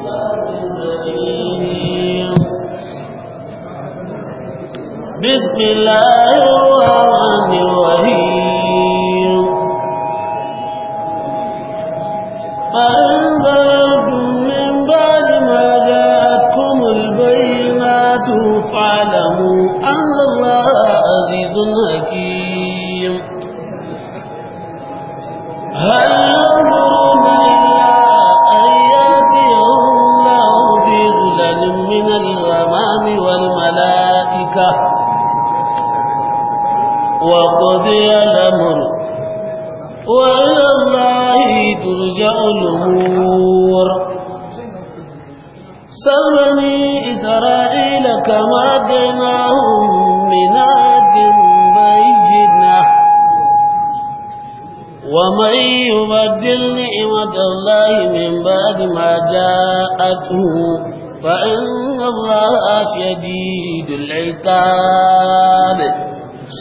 بسم الله الرحمن الرحيم فأنزلتم من بعد ما جاءتكم البينات فاعلموا أن الله عزيز حكيم الله من بعد ما جاءته فإن الله شديد العتاب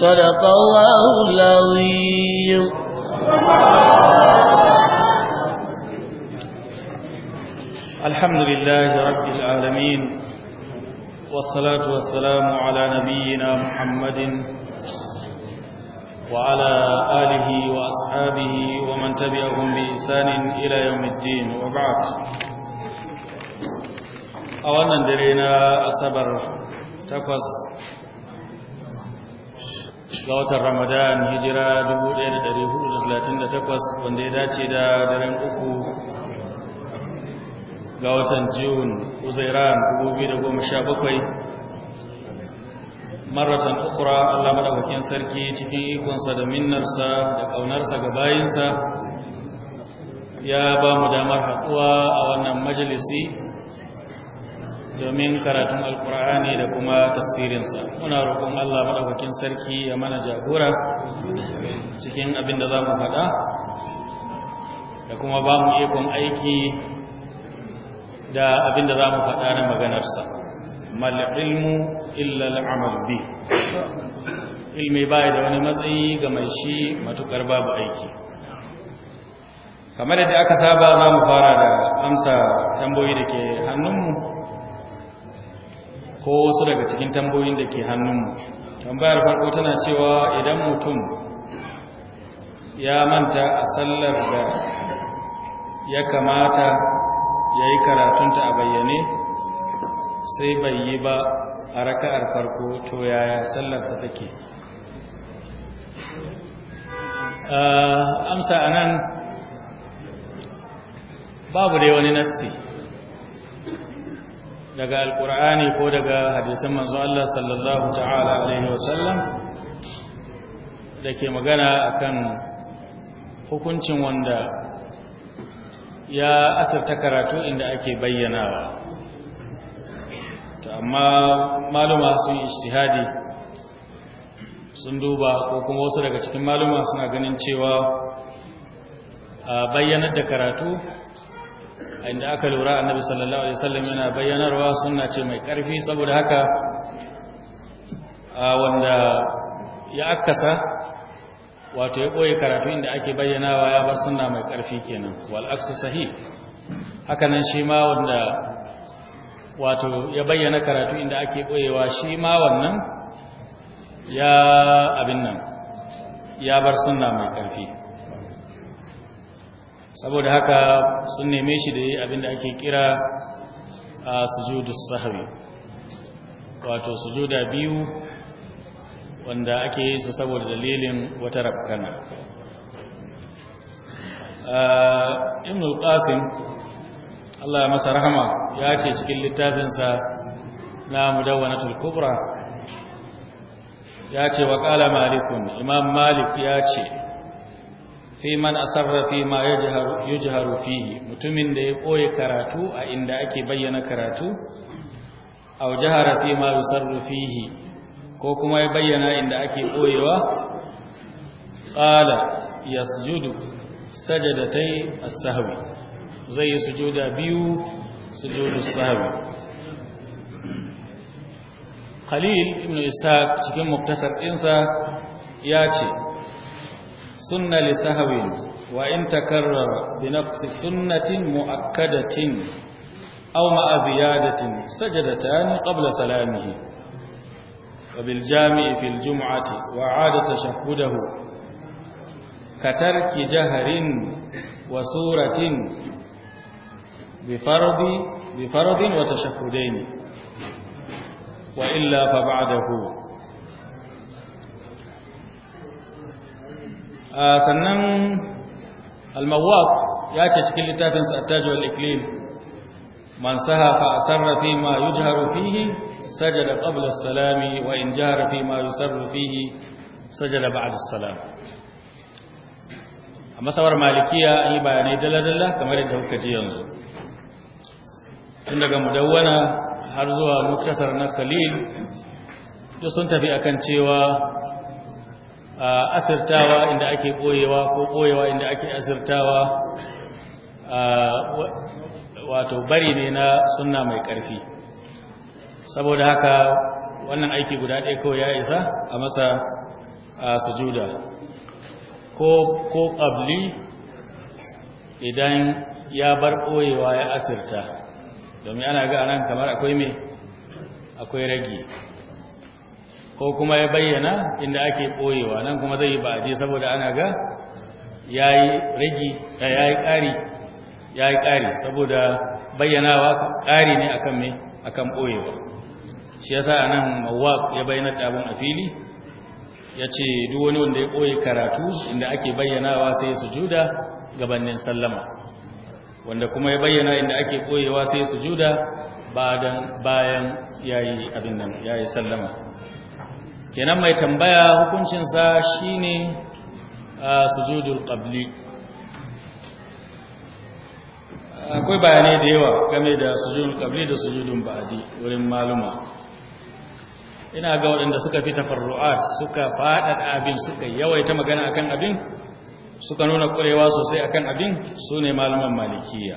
صدق الله العظيم الحمد لله رب العالمين والصلاة والسلام على نبينا محمد وعلى آله وأصحابه ومن تبعهم بإنسان إلى يوم الدين وبعد أولا درينا أصبر تقص تقوس ga Ramadan hijira 1438 wanda ya dace da daren uku ga watan June Uzairan 2017 maratan ukura Allah madaukakin sarki cikin ikonsa da minnarsa da ƙaunarsa ga bayinsa ya ba mu damar haɗuwa a wannan majalisi domin karatun alkur'ani da kuma tafsirinsa muna roƙon Allah madaukakin sarki ya mana jagora cikin abin da za mu faɗa da kuma ba mu ikon aiki da abin da za mu faɗa na maganarsa mal ilmu illa al'amal bi ilmi bai da wani matsayi ga mai shi matukar babu aiki kamar yadda aka saba za mu fara da amsa tamboyi da ke hannunmu ko wasu daga cikin tambayoyin da ke hannunmu tambayar farko tana cewa idan mutum ya manta a sallar da ya kamata ya yi karatunta a bayyane sai bai yi ba a raka'ar farko to yaya sallarsa take ah, amsa anan babu dai wani nassi daga alkur'ani ko daga hadisan manzo Allah sallallahu ta'ala alaihi wasallam dake magana akan hukuncin wanda ya ta karatu inda ake bayyanawa amma maluma sun ijtihadi sun duba ko kuma wasu daga cikin maluma suna ganin cewa a bayyanar da karatu inda aka lura annabi sallallahu alaihi wasallam yana bayyanarwa suna ce mai karfi saboda haka wanda ya akasa wato ya boye karatu inda ake bayyanawa ya bar suna mai karfi kenan wal aksu sahih hakanan shi ma wanda wato ya bayyana karatu inda ake ɓoyewa shi ma wannan ya abin nan ya bar suna mai ƙarfi saboda haka sun neme shi da abin da ake kira a sujudu wato sujuda biyu wanda ake yi su saboda dalilin wata rafkana ibn al-qasim Allah ya masa rahama ya ce cikin littafinsa na mudawwanatul kubra ya ce wa malikun imam malik ya ce fi man asarra fi ma yajharu yajharu fihi mutumin da ya ɓoye karatu a inda ake bayyana karatu aw jahara fi ma yusarru fihi ko kuma ya bayyana inda ake koyewa qala yasjudu sajadatai as-sahwi zai sujuda biyu sujudu sahwi Khalil ibn Ishaq cikin muktasar ɗinsa ya ce sunna li sahwin wa in takarrara bi nafsi sunnatin muakkadatin aw ma'a ziyadatin sajadatan qabla salamihi wa bil jami'i fil jum'ati wa 'ada tashahhudahu ka tarki jaharin wa suratin بفرض بفرض وتشهدين وإلا فبعده sannan almawaf ya ce cikin littafin sattajul iklim man saha fa asarra fi ma yujharu fihi sajada qabla as-salami wa in jahara fi ma yusarru fihi sajada ba'da as-salam a masawar malikiya an yi bayanai dala-dala kamar yadda kuka ji yanzu tun daga mudawwana har zuwa muktasar na khalil duk sun tafi akan cewa asirtawa inda ake koyewa ko koyewa inda ake asirtawa wato bari ne na sunna mai ƙarfi saboda haka wannan aiki guda ɗaya kawai ya isa a masa sujuda ko ko ƙabli idan ya bar ɓoyewa ya asirta domin ana ga anan kamar akwai me akwai ragi ko kuma ya bayyana inda ake ɓoyewa nan kuma zai yi ba'adi saboda ana ga ya yi ragi ya yi ƙari ya yi ƙari saboda bayyanawa ƙari ne akan me akan ɓoyewa shi yasa nan mawaq ya bayyana abun a fili ya ce duk wani wanda ya ɓoye karatu inda ake bayyanawa sai su sujuda gabanin sallama wanda kuma ya bayyana inda ake koyewa sai sujuda bayan bayan yayi abin nan yayi sallama kenan mai tambaya hukuncin sa shine sujudul qabli akwai bayanai da yawa game da sujudul qabli da sujudun ba'di wurin maluma ina ga waɗanda suka fi tafarru'at suka faɗaɗa abin suka yawaita magana akan abin suka nuna ƙwarewa sosai akan abin su ne malaman malikiya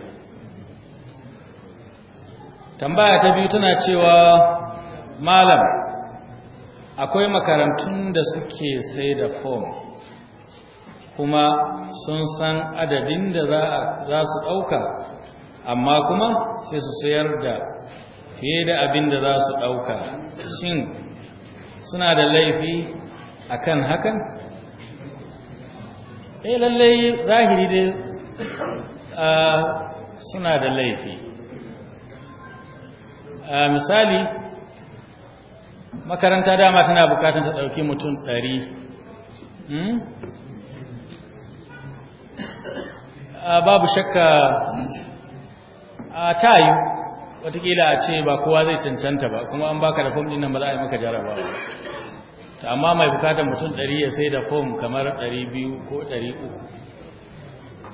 tambaya ta biyu tana cewa malam akwai makarantun da suke sai da fom kuma sun san adadin da za su ɗauka amma kuma sai su sayar da fiye da abin da za su ɗauka shin suna da laifi akan hakan eh lallai zahiri dai suna da laifi misali makaranta dama tana bukatar ta ɗauki mutum ɗari hmm? babu shakka a tayu watakila a ce ba kowa zai cancanta ba kuma an baka da fom ɗin ba za a yi maka jarabawa ta amma mai bukatar mutum ɗari ya sai da fom kamar ɗari biyu ko ɗari uku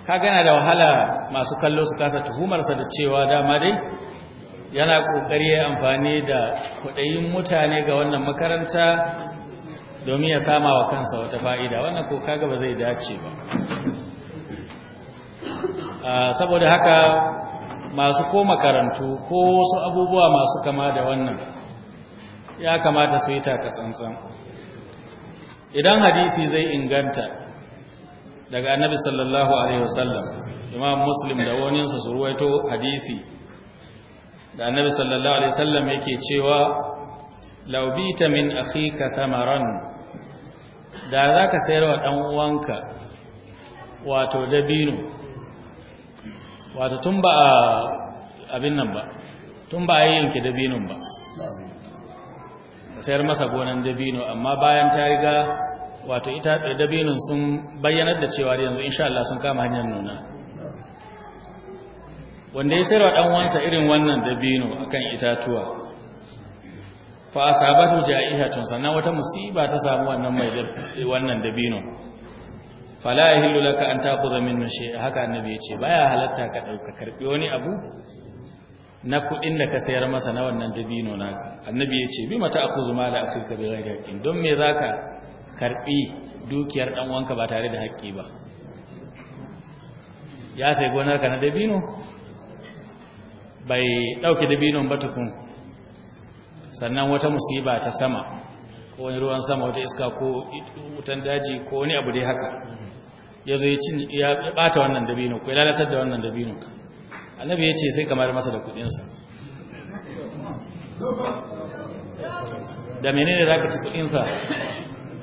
ka gana da wahala masu kallo su kasa tuhumarsa da cewa dama dai yana ƙoƙari ya amfani da kuɗayin mutane ga wannan makaranta domin ya sama wa kansa wata fa'ida wannan ko kaga ba zai dace ba saboda haka masu ko makarantu ko wasu abubuwa masu kama da wannan ya kamata su yi takasantsan idan hadisi zai inganta daga annabi sallallahu alaihi wasallam imam muslim da waninsa su ruwaito hadisi da annabi sallallahu alaihi wasallam yake cewa laubita min akhika thamaran da zaka sayar wa dan uwanka wato dabino wato tun ba abin nan ba tun ba yanke dabinon ba ta sayar masa gonan dabino amma bayan ta riga wato ita dabinon sun bayyanar da cewa yanzu insha Allah sun kama hanyar nuna wanda ya sayar dan wansa irin wannan dabino akan itatuwa fa asabatu ja'ihatun sannan wata musiba ta samu wannan mai wannan dabino fala yahillu laka an taqudha minhu shay'a haka annabi ya ce baya halatta ka dauka karbi wani abu na kuɗin da ka sayar masa na wannan dabino naka annabi ya ce bi mata aku zuma da ka bai rai don me za ka karɓi dukiyar ɗan wanka ba tare da haƙƙi ba ya sai gonarka na dabino bai ɗauke dabinon ba tukun sannan wata musiba ta sama ko wani ruwan sama wata iska ko wutan daji ko wani abu dai haka ya zo ya ɓata wannan dabino ko ya lalatar da wannan dabino annabi ya ce sai kamar masa da kudinsa da menene za ka ci kudinsa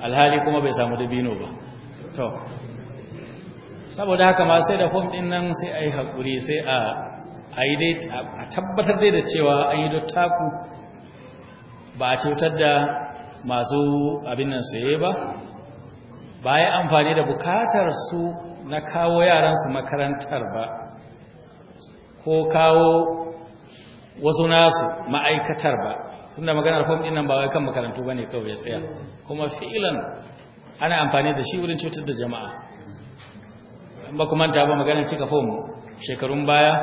alhali kuma bai samu dabino ba to saboda haka ma sai da fom din nan sai a yi haƙuri sai a dai a tabbatar dai da cewa an yi dottaku ba a cutar da masu abin nan saye ba ba ya amfani da bukatar su na kawo yaransu makarantar ba ko kawo wasu nasu ma'aikatar ba tunda maganar fom din nan ba wai kan makarantu bane kawai ya tsaya kuma fi'ilan ana amfani da shi wurin cutar da jama'a ba kuma ta ba maganar cika fom shekarun baya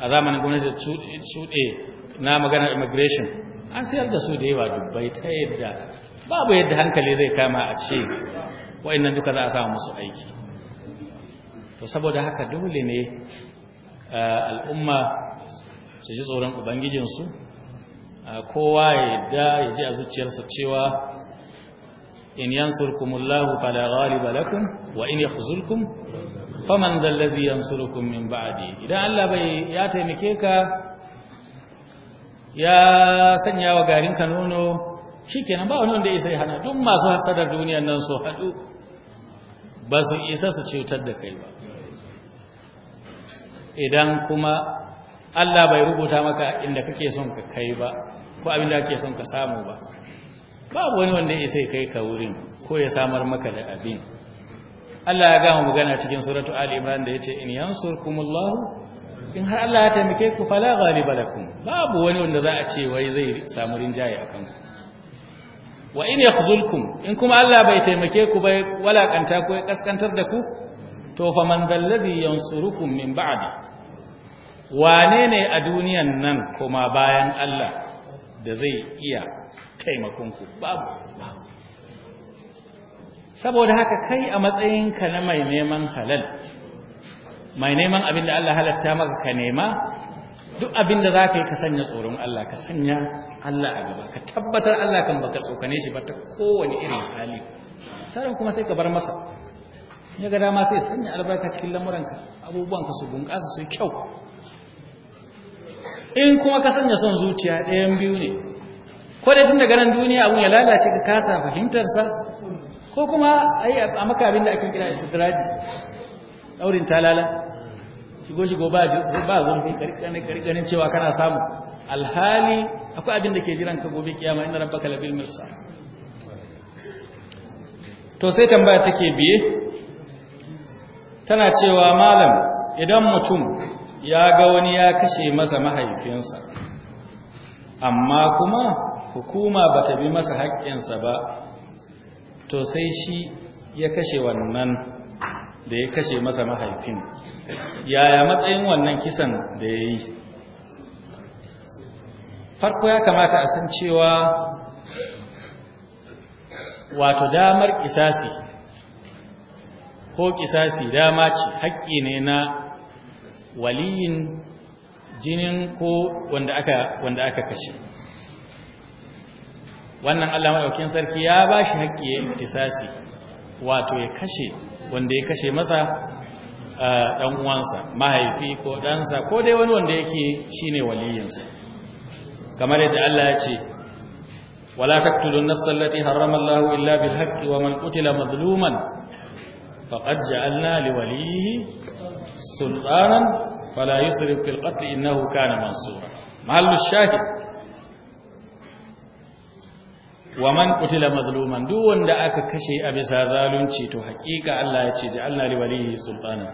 a zamanin gwamnati shuɗe na maganar immigration an sayar da su da yawa dubbai ta yadda babu yadda hankali zai kama a ce wa'annan duka za a samu musu aiki to saboda haka dole ne al'umma su ji tsoron ubangijinsu kowa ya yadda ya ji a zuciyarsa cewa in yansurkumullahu fala ghaliba lakum wa in yakhzulkum faman dhal ladhi yansurukum min ba'di idan Allah bai ya taimake ka ya sanya wa garin ka nono shikenan ba wani wanda isa ya hana duk masu hasadar duniyar nan su haɗu ba su isa su cutar da kai ba idan kuma Allah bai rubuta maka inda kake son ka kai ba ko abin da kake son ka samu ba babu wani wanda ya sai kai ka wurin ko ya samar maka da abin Allah ya gama magana cikin suratu Ali Imran da yace in yansurkumullahu in har Allah ya taimake ku fala ghaliba lakum babu wani wanda za a ce wai zai samu rinjaye akan ku wa in yakhzulkum in kuma Allah bai taimake ku bai walakanta ku ya kaskantar da ku to fa man dalladhi yansurukum min ba'di wane ne a duniyan nan kuma bayan Allah da zai iya taimakonku babu saboda haka kai a matsayinka na mai neman halal mai neman abin da Allah halatta maka ka nema duk abin da za ka yi ka sanya tsoron Allah ka sanya Allah a gaba ka tabbatar Allah kan baka tsokane shi ba ta kowane irin hali sauran kuma sai ka bar masa ya ga dama sai sanya albarka cikin lamuranka ka su bunƙasa su kyau in kuma ka sanya son zuciya ɗayan biyu ne ko dai tun daga nan duniya abin ya lalace ka kasa fahimtarsa ko kuma ai a maka abin da ake kira istidraji daurin talala shigo shigo ba ba zan karkanin karkanin cewa kana samu alhali akwai abin da ke jiran ka gobe kiyama inna rabbaka labil mirsa to sai tambaya take biye tana cewa malam idan mutum ya ga wani ya kashe masa mahaifinsa amma kuma hukuma ba ta bi masa haƙƙinsa ba to sai shi ya kashe wannan da ya kashe masa mahaifin yaya matsayin wannan kisan da ya yi farko ya kamata a san cewa wato damar kisasi ko kisasi dama ce haƙƙi ne na waliyin jinin ko wanda aka wanda aka kashe wannan Allah madaukakin sarki ya bashi haƙƙi ya intisasi wato ya kashe wanda ya kashe masa dan uwansa mahaifi ko ɗansa ko dai wani wanda yake ne waliyinsa kamar yadda Allah ya ce wala taqtulun nafsal lati harrama Allahu illa bil haqqi wa man mazluman faqad ja'alna li walihi sultanan fala yusrif fil qatl innahu kana mansura mahallu shahid wa man qutila mazluman duk wanda aka kashe a bisa zalunci to haƙiƙa Allah ya ce ja'alna li walihi sultana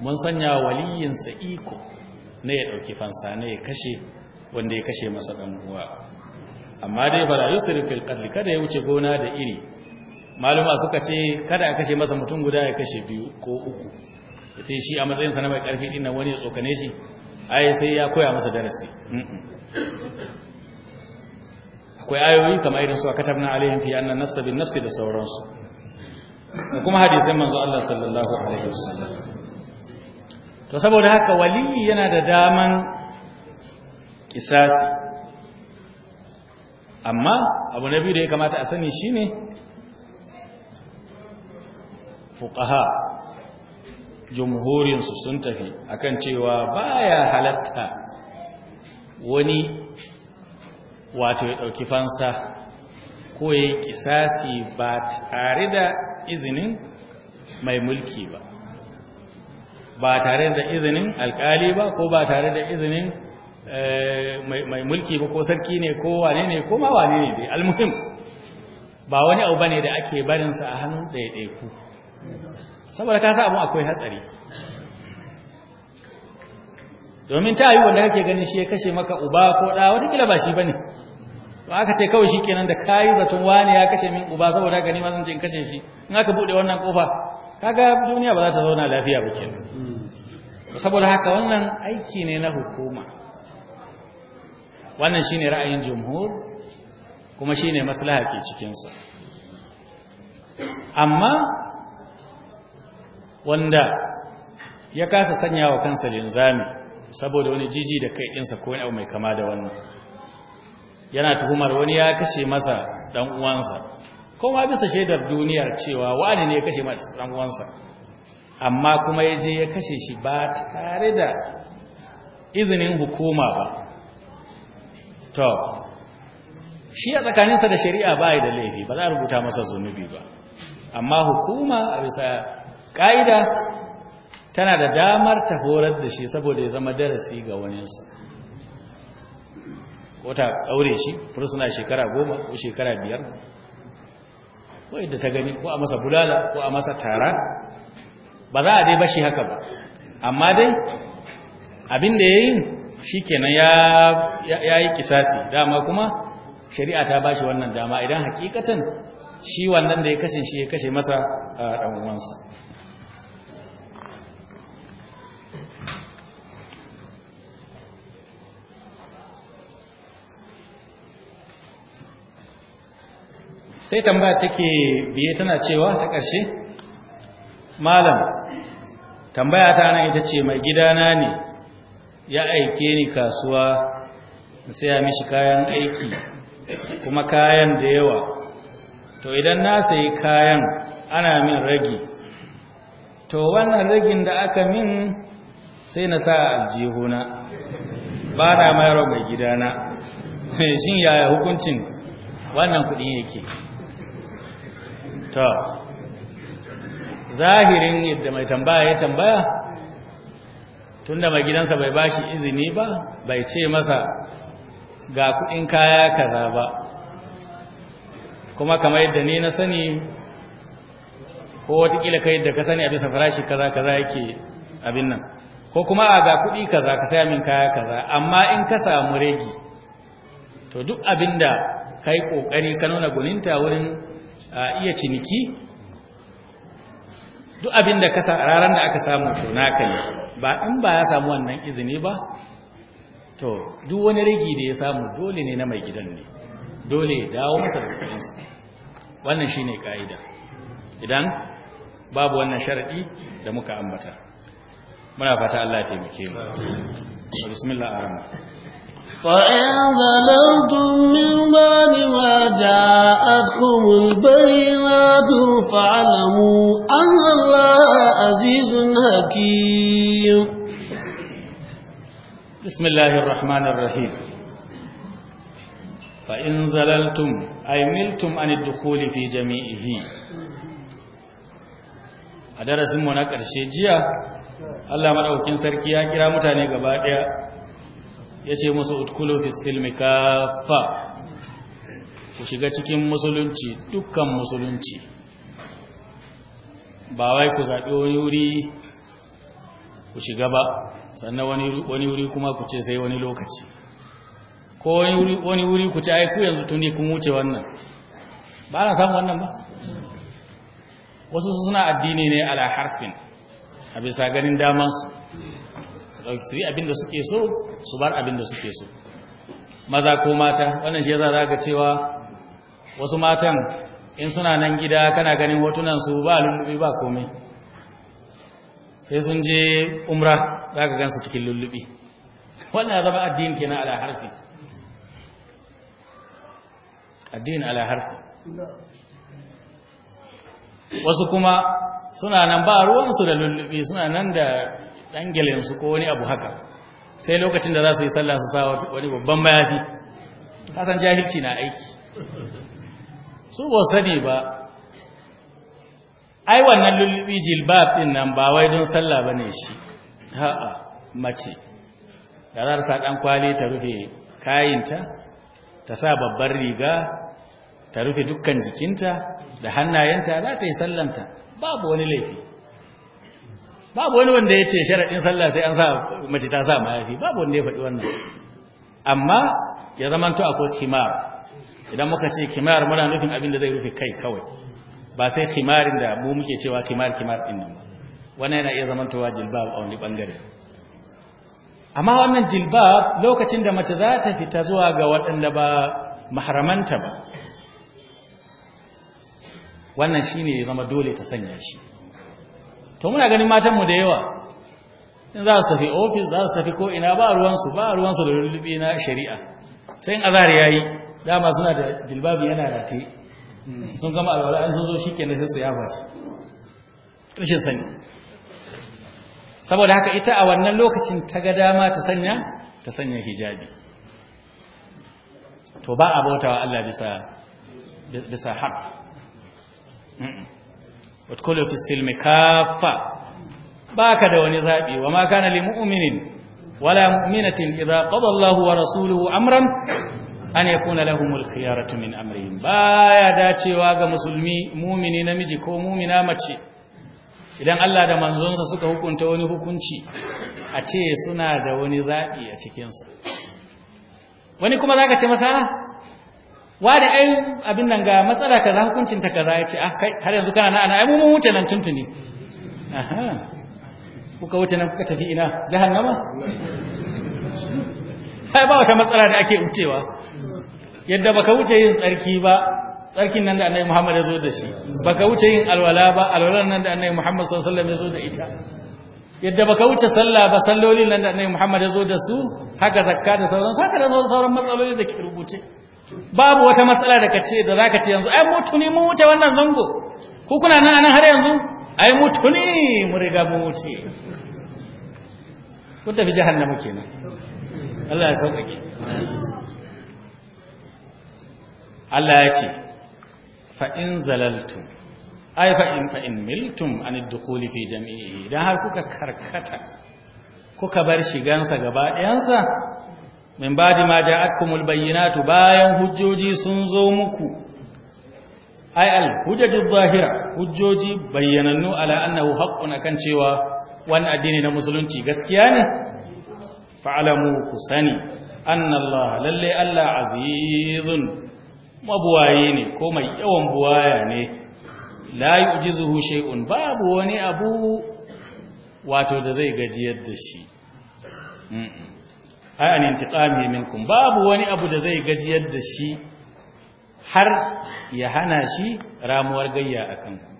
mun sanya waliyinsa iko ne ya dauki fansa ne ya kashe wanda ya kashe masa dan uwa amma dai fala yusrif fil qatl kada ya wuce gona da iri maluma suka ce kada a kashe masa mutum guda ya kashe biyu ko uku ya ce shi a matsayinsa na mai karfi ɗin wani ya tsokane shi ai sai ya koya masa darasi akwai ayoyi kamar irin su a katabna alayhim fi annan nafsa bin nafsi da sauransu kuma hadisin manzo Allah sallallahu alaihi wasallam to saboda haka waliyi yana da daman kisasi amma abu na biyu da ya kamata a sani shine fuqaha jumhurinsu sun tafi akan cewa baya halatta wani wato ya dauki fansa ko ya kisasi ba tare da izinin mai mulki ba ba tare da izinin alkali ba ko ba tare da izinin eh, mai mulki ba ko sarki ne ko wane ne ko ma wane ne dai almuhim ba wani abu bane da ake barinsa a hannun ɗaiɗaiku saboda ka sa abin akwai hatsari domin ta yi wanda kake ganin shi ya kashe maka uba ko ɗa watakila ba shi ba ne ba aka ce kawai shi kenan da ka yi zaton wani ya kashe min uba saboda gani ma zan ce in kashe shi in aka buɗe wannan ƙofa kaga duniya ba za ta zauna lafiya ba kenan saboda haka wannan aiki ne na hukuma wannan shine ra'ayin jumhur kuma shine maslaha ke cikinsa amma wanda ya kasa sanya wa kansa linzami saboda wani jiji da kai ɗinsa ko yau mai kama da wannan yana tuhumar wani ya kashe masa ɗan uwansa Kowa bisa shaidar duniyar cewa wani ne ya kashe masa ɗan uwansa amma kuma ya je ya kashe shi ba tare da izinin hukuma ba to shi a tsakaninsa da shari'a ba da laifi ba za a rubuta masa zunubi ba amma hukuma a bisa ƙa'ida tana da damar ta horar da shi saboda ya zama darasi ga waninsa ko ta aure shi fursuna shekara goma ko shekara biyar ko yadda ta gani ko a masa bulala ko a masa tara ba za a dai bashi haka ba amma dai abin da ya yi shi kenan ya yi kisasi dama kuma shari'a ta bashi wannan dama idan hakikatan shi wannan da ya kashe shi ya kashe masa ɗan'uwansa sai tambaya take biye tana cewa ta ƙarshe malam tambaya ta nan ita ce mai gidana ne ya aike ni kasuwa in saya mishi kayan aiki kuma kayan da yawa to idan na sayi kayan ana min ragi to wannan ragin da aka min sai na sa aljihuna ba na mayarwa mai gidana shin yaya hukuncin wannan kudin yake to zahirin yadda mai tambaya ya tambaya tunda mai gidansa bai bashi izini ba bai ce masa ga kudin kaya kaza ba kuma kamar yadda ni na sani ko watakila kai da ka sani a bisa farashi kaza kaza yake abin nan ko kuma a ga kuɗi kaza ka saya min kaya kaza amma in ka samu regi to duk abin da ka yi ƙoƙari ka nuna guninta wurin a iya ciniki duk abin da kasa ranar da aka samu to naka ne ba in ba ya samu wannan izini ba to duk wani rigi da ya samu dole ne na mai gidan ne dole ya dawo masa da kuɗinsa wannan shine ka'ida idan babu wannan sharadi da muka ambata muna fata Allah ya taimake mu bismillah فإن ظلمتم من بعد ما جاءتكم البينات فاعلموا أن الله عزيز حكيم بسم الله الرحمن الرحيم فإن زللتم أي ملتم عن الدخول في جميعه a darasinmu na ƙarshe jiya Allah maɗaukin sarki ya kira mutane gaba ɗaya ya ce musu utkulu fi silmi kafa ku shiga cikin musulunci dukkan musulunci ba wai ku zaɓi wani wuri ku shiga ba sannan wani wuri kuma ku ce sai wani lokaci ko wani wuri ku ce ai ku yanzu tuni kun wuce wannan ba na samun wannan ba wasu suna addini ne ala harfin a bisa ganin damansu su yi abin da suke so su bar abin da suke so maza ko mata wannan shi za ga cewa wasu matan in suna nan gida kana ganin hotunan su ba lullubi ba komai sai sun je umra za ka gansu cikin lullubi wannan zama addini kenan ala harfi addini ala harfi wasu kuma suna nan ba ruwansu da lullubi suna nan da ɗan ko wani abu haka sai lokacin da za su yi sallah su sa wani babban mayafi kasan jahilci na aiki su ba sani ba ai wannan lullubi jilbab ɗin nan ba wai don sallah ba ne shi ha'a mace da za sa ɗan kwali ta rufe kayinta ta sa babbar riga ta rufe dukkan jikinta da hannayenta za ta yi sallanta babu wani laifi babu wani wanda ya ce sharaɗin sallah sai an sa mace ta sa mayafi babu wanda ya faɗi wannan amma ya zamanto akwai kimar idan muka ce kimar muna nufin abin da zai rufe kai kawai ba sai kimarin da mu muke cewa kimar kimar din nan wannan yana iya zamantowa jilbab a wani bangare amma wannan jilbab lokacin da mace za ta fita zuwa ga waɗanda ba mahramanta ba wannan shine ya zama dole ta sanya shi to muna ganin matanmu da yawa in za su tafi ofis za su tafi ko ina ba ruwansu ba ruwansu da lullubi na shari'a sai in azar ya yi dama suna da jilbabi yana rate sun gama alwala an sun zo shi kenan sai su ba shi ƙarshen sani saboda haka ita a wannan lokacin ta ga dama ta sanya ta sanya hijabi to ba a bautawa Allah bisa bisa haƙ wadkulu fi silmi kafa baka da wani zabi wa ma kana lil mu'minin wala mu'minatin idza qada Allahu wa rasuluhu amran an yakuna lahumul khiyaratu min amrihim baya dacewa ga musulmi mu'mini namiji ko mu'mina mace idan Allah da manzonsa suka hukunta wani hukunci a ce suna da wani zaɓi a cikinsa wani kuma zaka ce masa ah, wani ai abin nan ga matsala kaza hukuncin ta kaza yace ah kai har yanzu kana ana ai mu mun wuce nan tuntuni aha kuka wuce nan kuka tafi ina jahannama ai ba wata matsala da ake wucewa yadda baka wuce yin tsarki ba tsarkin nan da annabi Muhammad ya zo da shi baka wuce yin alwala ba alwalan nan da annabi Muhammad sallallahu alaihi wasallam ya zo da ita yadda baka wuce sallah ba sallolin nan da annabi Muhammad ya zo da su haka zakka da sauran haka da sauran matsaloli da ke rubuce babu wata matsala da kace da zaka ce yanzu ai mutuni mu wuce wannan zango ku kuna nan anan har yanzu ai mutuni mu riga mu wuce Ku tafi jahannama kenan Allah ya sauƙaƙe Allah ya ce fa in zalaltu ai fa in fa in miltum an dukhuli fi jami'i dan har kuka karkata kuka bar shigansa gaba ɗayansa min di ma ja'atkumul bayyinatu bayan hujjoji sun zo muku ay al hujjatu zahira hujjoji bayyanannu ala annahu haqqun akan cewa wani addini na musulunci gaskiya ne fa'alamu ku sani annallaha lalle Allah azizun mabuwaye ne ko mai yawan buwaya ne la yujizuhu shay'un babu wani abu wato da zai gajiyar da shi ai an intiqami minkum babu wani abu da zai gajiyar da shi har ya hana shi ramuwar gayya akan ku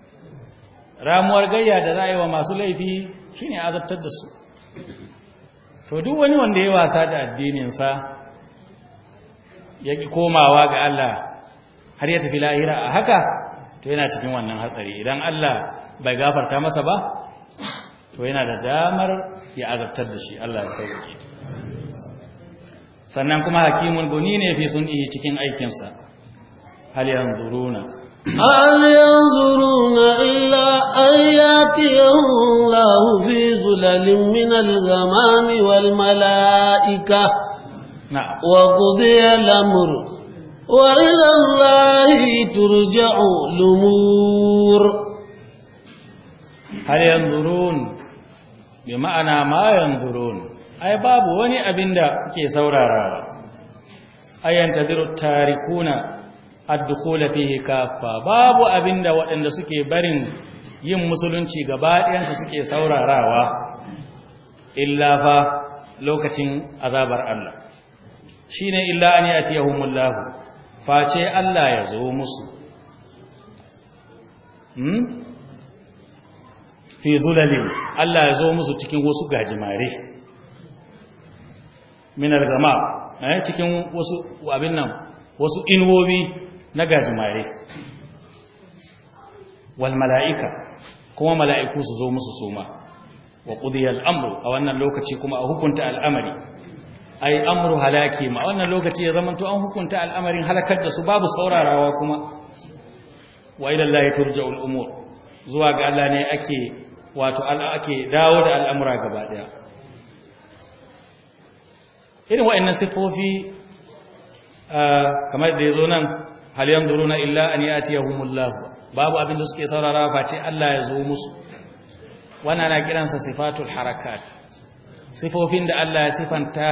ramuwar gayya da za a yi wa masu laifi shine azabtar da su to duk wani wanda ya wasa da addininsa ya komawa ga Allah har ya tafi lahira a haka to yana cikin wannan hatsari idan Allah bai gafarta masa ba to yana da damar ya azabtar da shi Allah ya sauke sannan kuma hakimun goni ne fi sun iya cikin aikinsa hal yanzuruna hal yanzuruna illa an yatiyahum lahu fi zulalin min al-ghamami wal mala'ika wa qudiya al-amr wa ila turja'u lumur hal yanzurun bi ma'ana ma yanzu yanzurun ai babu wani abin da ke saurara ayan tadiru tarikuna ad fihi kaffa babu abin da waɗanda suke barin yin musulunci gaba ɗayansu suke saurarawa illa fa lokacin azabar Allah shine illa an yatiyahumullahu face Allah ya zo musu hmm fi zulalin Allah ya zo musu cikin wasu gajimare min na a cikin wasu abin nan wasu inwobi na gajimare wal mala'ika kuma mala'iku su zo musu suma wa qudiya al-amru a wannan lokaci kuma a hukunta al'amari ai amru halaki ma wannan lokaci ya zama to an hukunta al'amarin halakar da su babu saurarawa kuma wa ila Allah turja'ul zuwa ga Allah ne ake wato Allah ake dawo da al'amura gaba ɗaya irin wa'annan sifofi ah, kamar da ya zo nan duru na illa an yatiyahumullahu babu abin da suke saurara face Allah ya zo musu wannan na kiransa sifatul harakat sifofin da Allah ya sifanta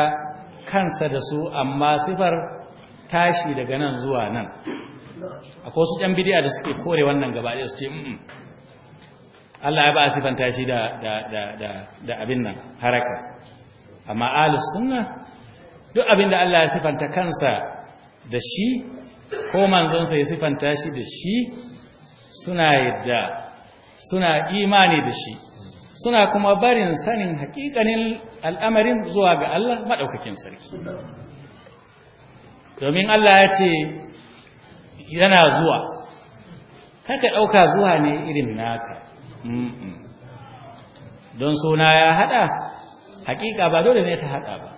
kansa da su amma sifar tashi daga nan zuwa nan akwai su ɗan bidiya da suke kore wannan gaba su ce Allah ya ba a sifanta shi da abin nan haraka amma ahlus sunna duk abin da Allah ya sifanta kansa da shi ko manzonsa ya sifanta shi da shi suna yadda suna imani da shi suna kuma barin sanin hakikanin al'amarin zuwa ga Allah maɗaukakin sarki domin Allah ya ce yana zuwa kaka ɗauka zuwa ne irin naka don suna ya haɗa hakika ba dole ne ta haɗa ba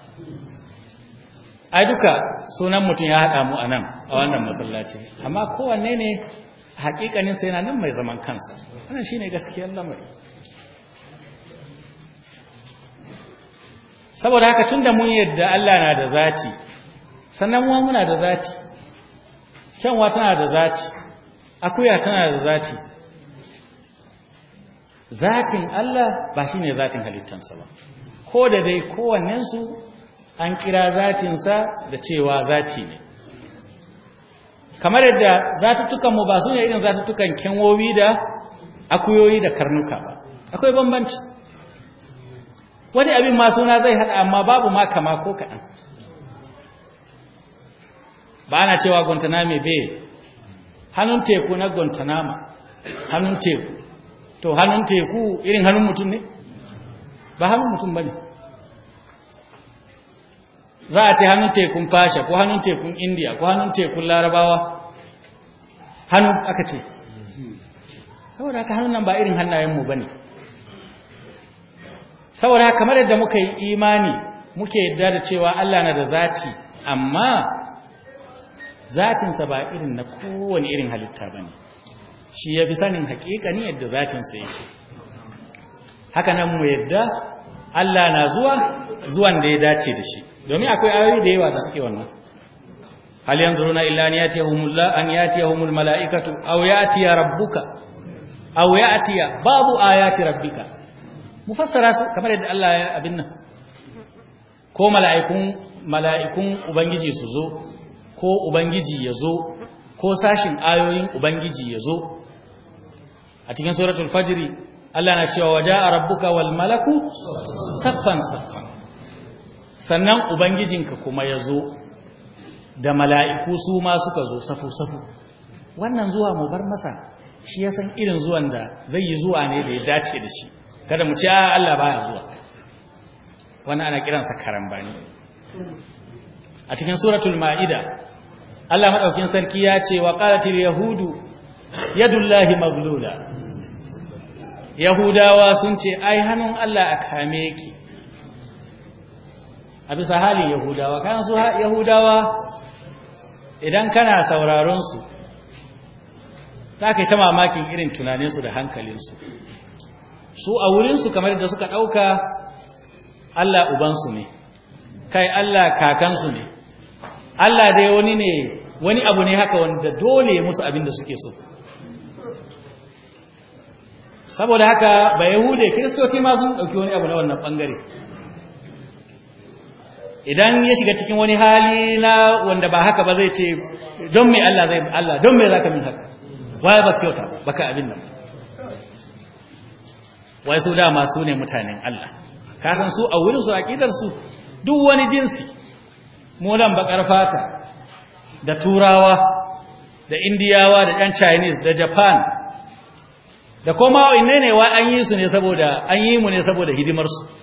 ai duka sunan mutum ya haɗa mu a nan a wannan masallaci amma kowanne ne haƙiƙanin sai yana nan mai zaman kansa wannan shine gaskiyar lamari saboda haka tunda mun yadda Allah na da zati sannan mu muna da zati kyanwa tana da zati akuya tana da zati zatin Allah ba shine zatin halittansa ba ko da dai su an kira zatinsa da cewa zati ne kamar yadda zatuttukanmu ba su ne irin tukan kyanwowi da akuyoyi da karnuka ba akwai bambanci wani abin ma suna zai haɗa amma babu ma kama ko kaɗan ba ana cewa guantaname be. hannun teku na guantanama hannun teku to hannun teku irin hannun mutum ne ba hannun mutum ba ne za a ce hannun tekun fasha ko hannun tekun indiya ko hannun tekun larabawa hannu aka ce saboda haka hannun nan ba irin hannayenmu ba ne saboda kamar yadda muka yi imani muke yadda da cewa Allah na da zati amma zatinsa ba irin na kowane irin halitta ba ne shi ya fi sanin haƙiƙani yadda zatinsa yake haka nan mu yadda Allah na zuwa zuwan da ya dace da shi domin akwai ayoyi da yawa da suke wannan hal na illa an yati humulla an humul malaikatu aw yatiya rabbuka aw yatiya babu ayati rabbika mufassara su kamar yadda Allah ya abin nan ko mala'ikun mala'ikun ubangiji su zo ko ubangiji ya zo ko sashin ayoyin ubangiji ya zo a cikin suratul fajr Allah na cewa waja rabbuka wal malaku saffan saffan sannan ubangijinka kuma ya zo da mala'iku su ma suka zo safu-safu wannan zuwa mu bar masa shi ya san irin zuwan da zai yi zuwa ne da ya dace da shi kada mu ce a Allah baya zuwa wannan ana kiransa karambani a cikin suratul ma'ida Allah maɗaukin sarki ya ce wa ƙalatir yahudu yadullahi maglula yahudawa sun ce ai hannun Allah a kame ki. a bisa halin yahudawa kayan su yahudawa idan kana sauraron za ka yi ta mamakin irin tunaninsu da hankalinsu su a wurinsu kamar da suka ɗauka Allah ubansu ne kai Allah kakansu ne Allah dai wani ne wani abu ne haka wanda dole musu abin da suke so saboda haka ba yahude kiristoci ma sun ɗauki wani abu na wannan ɓangare idan ya shiga cikin wani hali na wanda ba haka ba zai ce don me Allah zai Allah don me zaka min haka waye ba kyauta ka abin nan wai su dama su ne mutanen Allah ka san su a wurin su aqidar su duk wani jinsi mu nan bakar fata da turawa da indiyawa da yan chinese da japan da kuma inne ne wai an yi su ne saboda an yi mu ne saboda hidimar su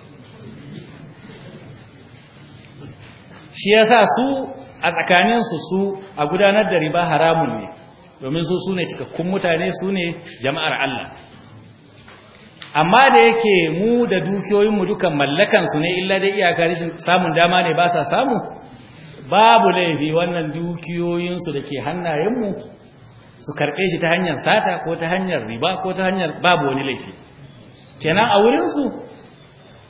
shi ya sa su a tsakaninsu su a gudanar da riba haramun ne domin su su ne cikakkun mutane su ne jama'ar Allah amma da yake mu da dukiyoyinmu dukan mallakansu ne illa dai iyaka rashin samun dama ne ba sa samu babu laifi wannan dukiyoyinsu da ke hannayenmu su karɓe shi ta hanyar sata ko ta hanyar riba ko ta hanyar babu wani laifi kenan a wurinsu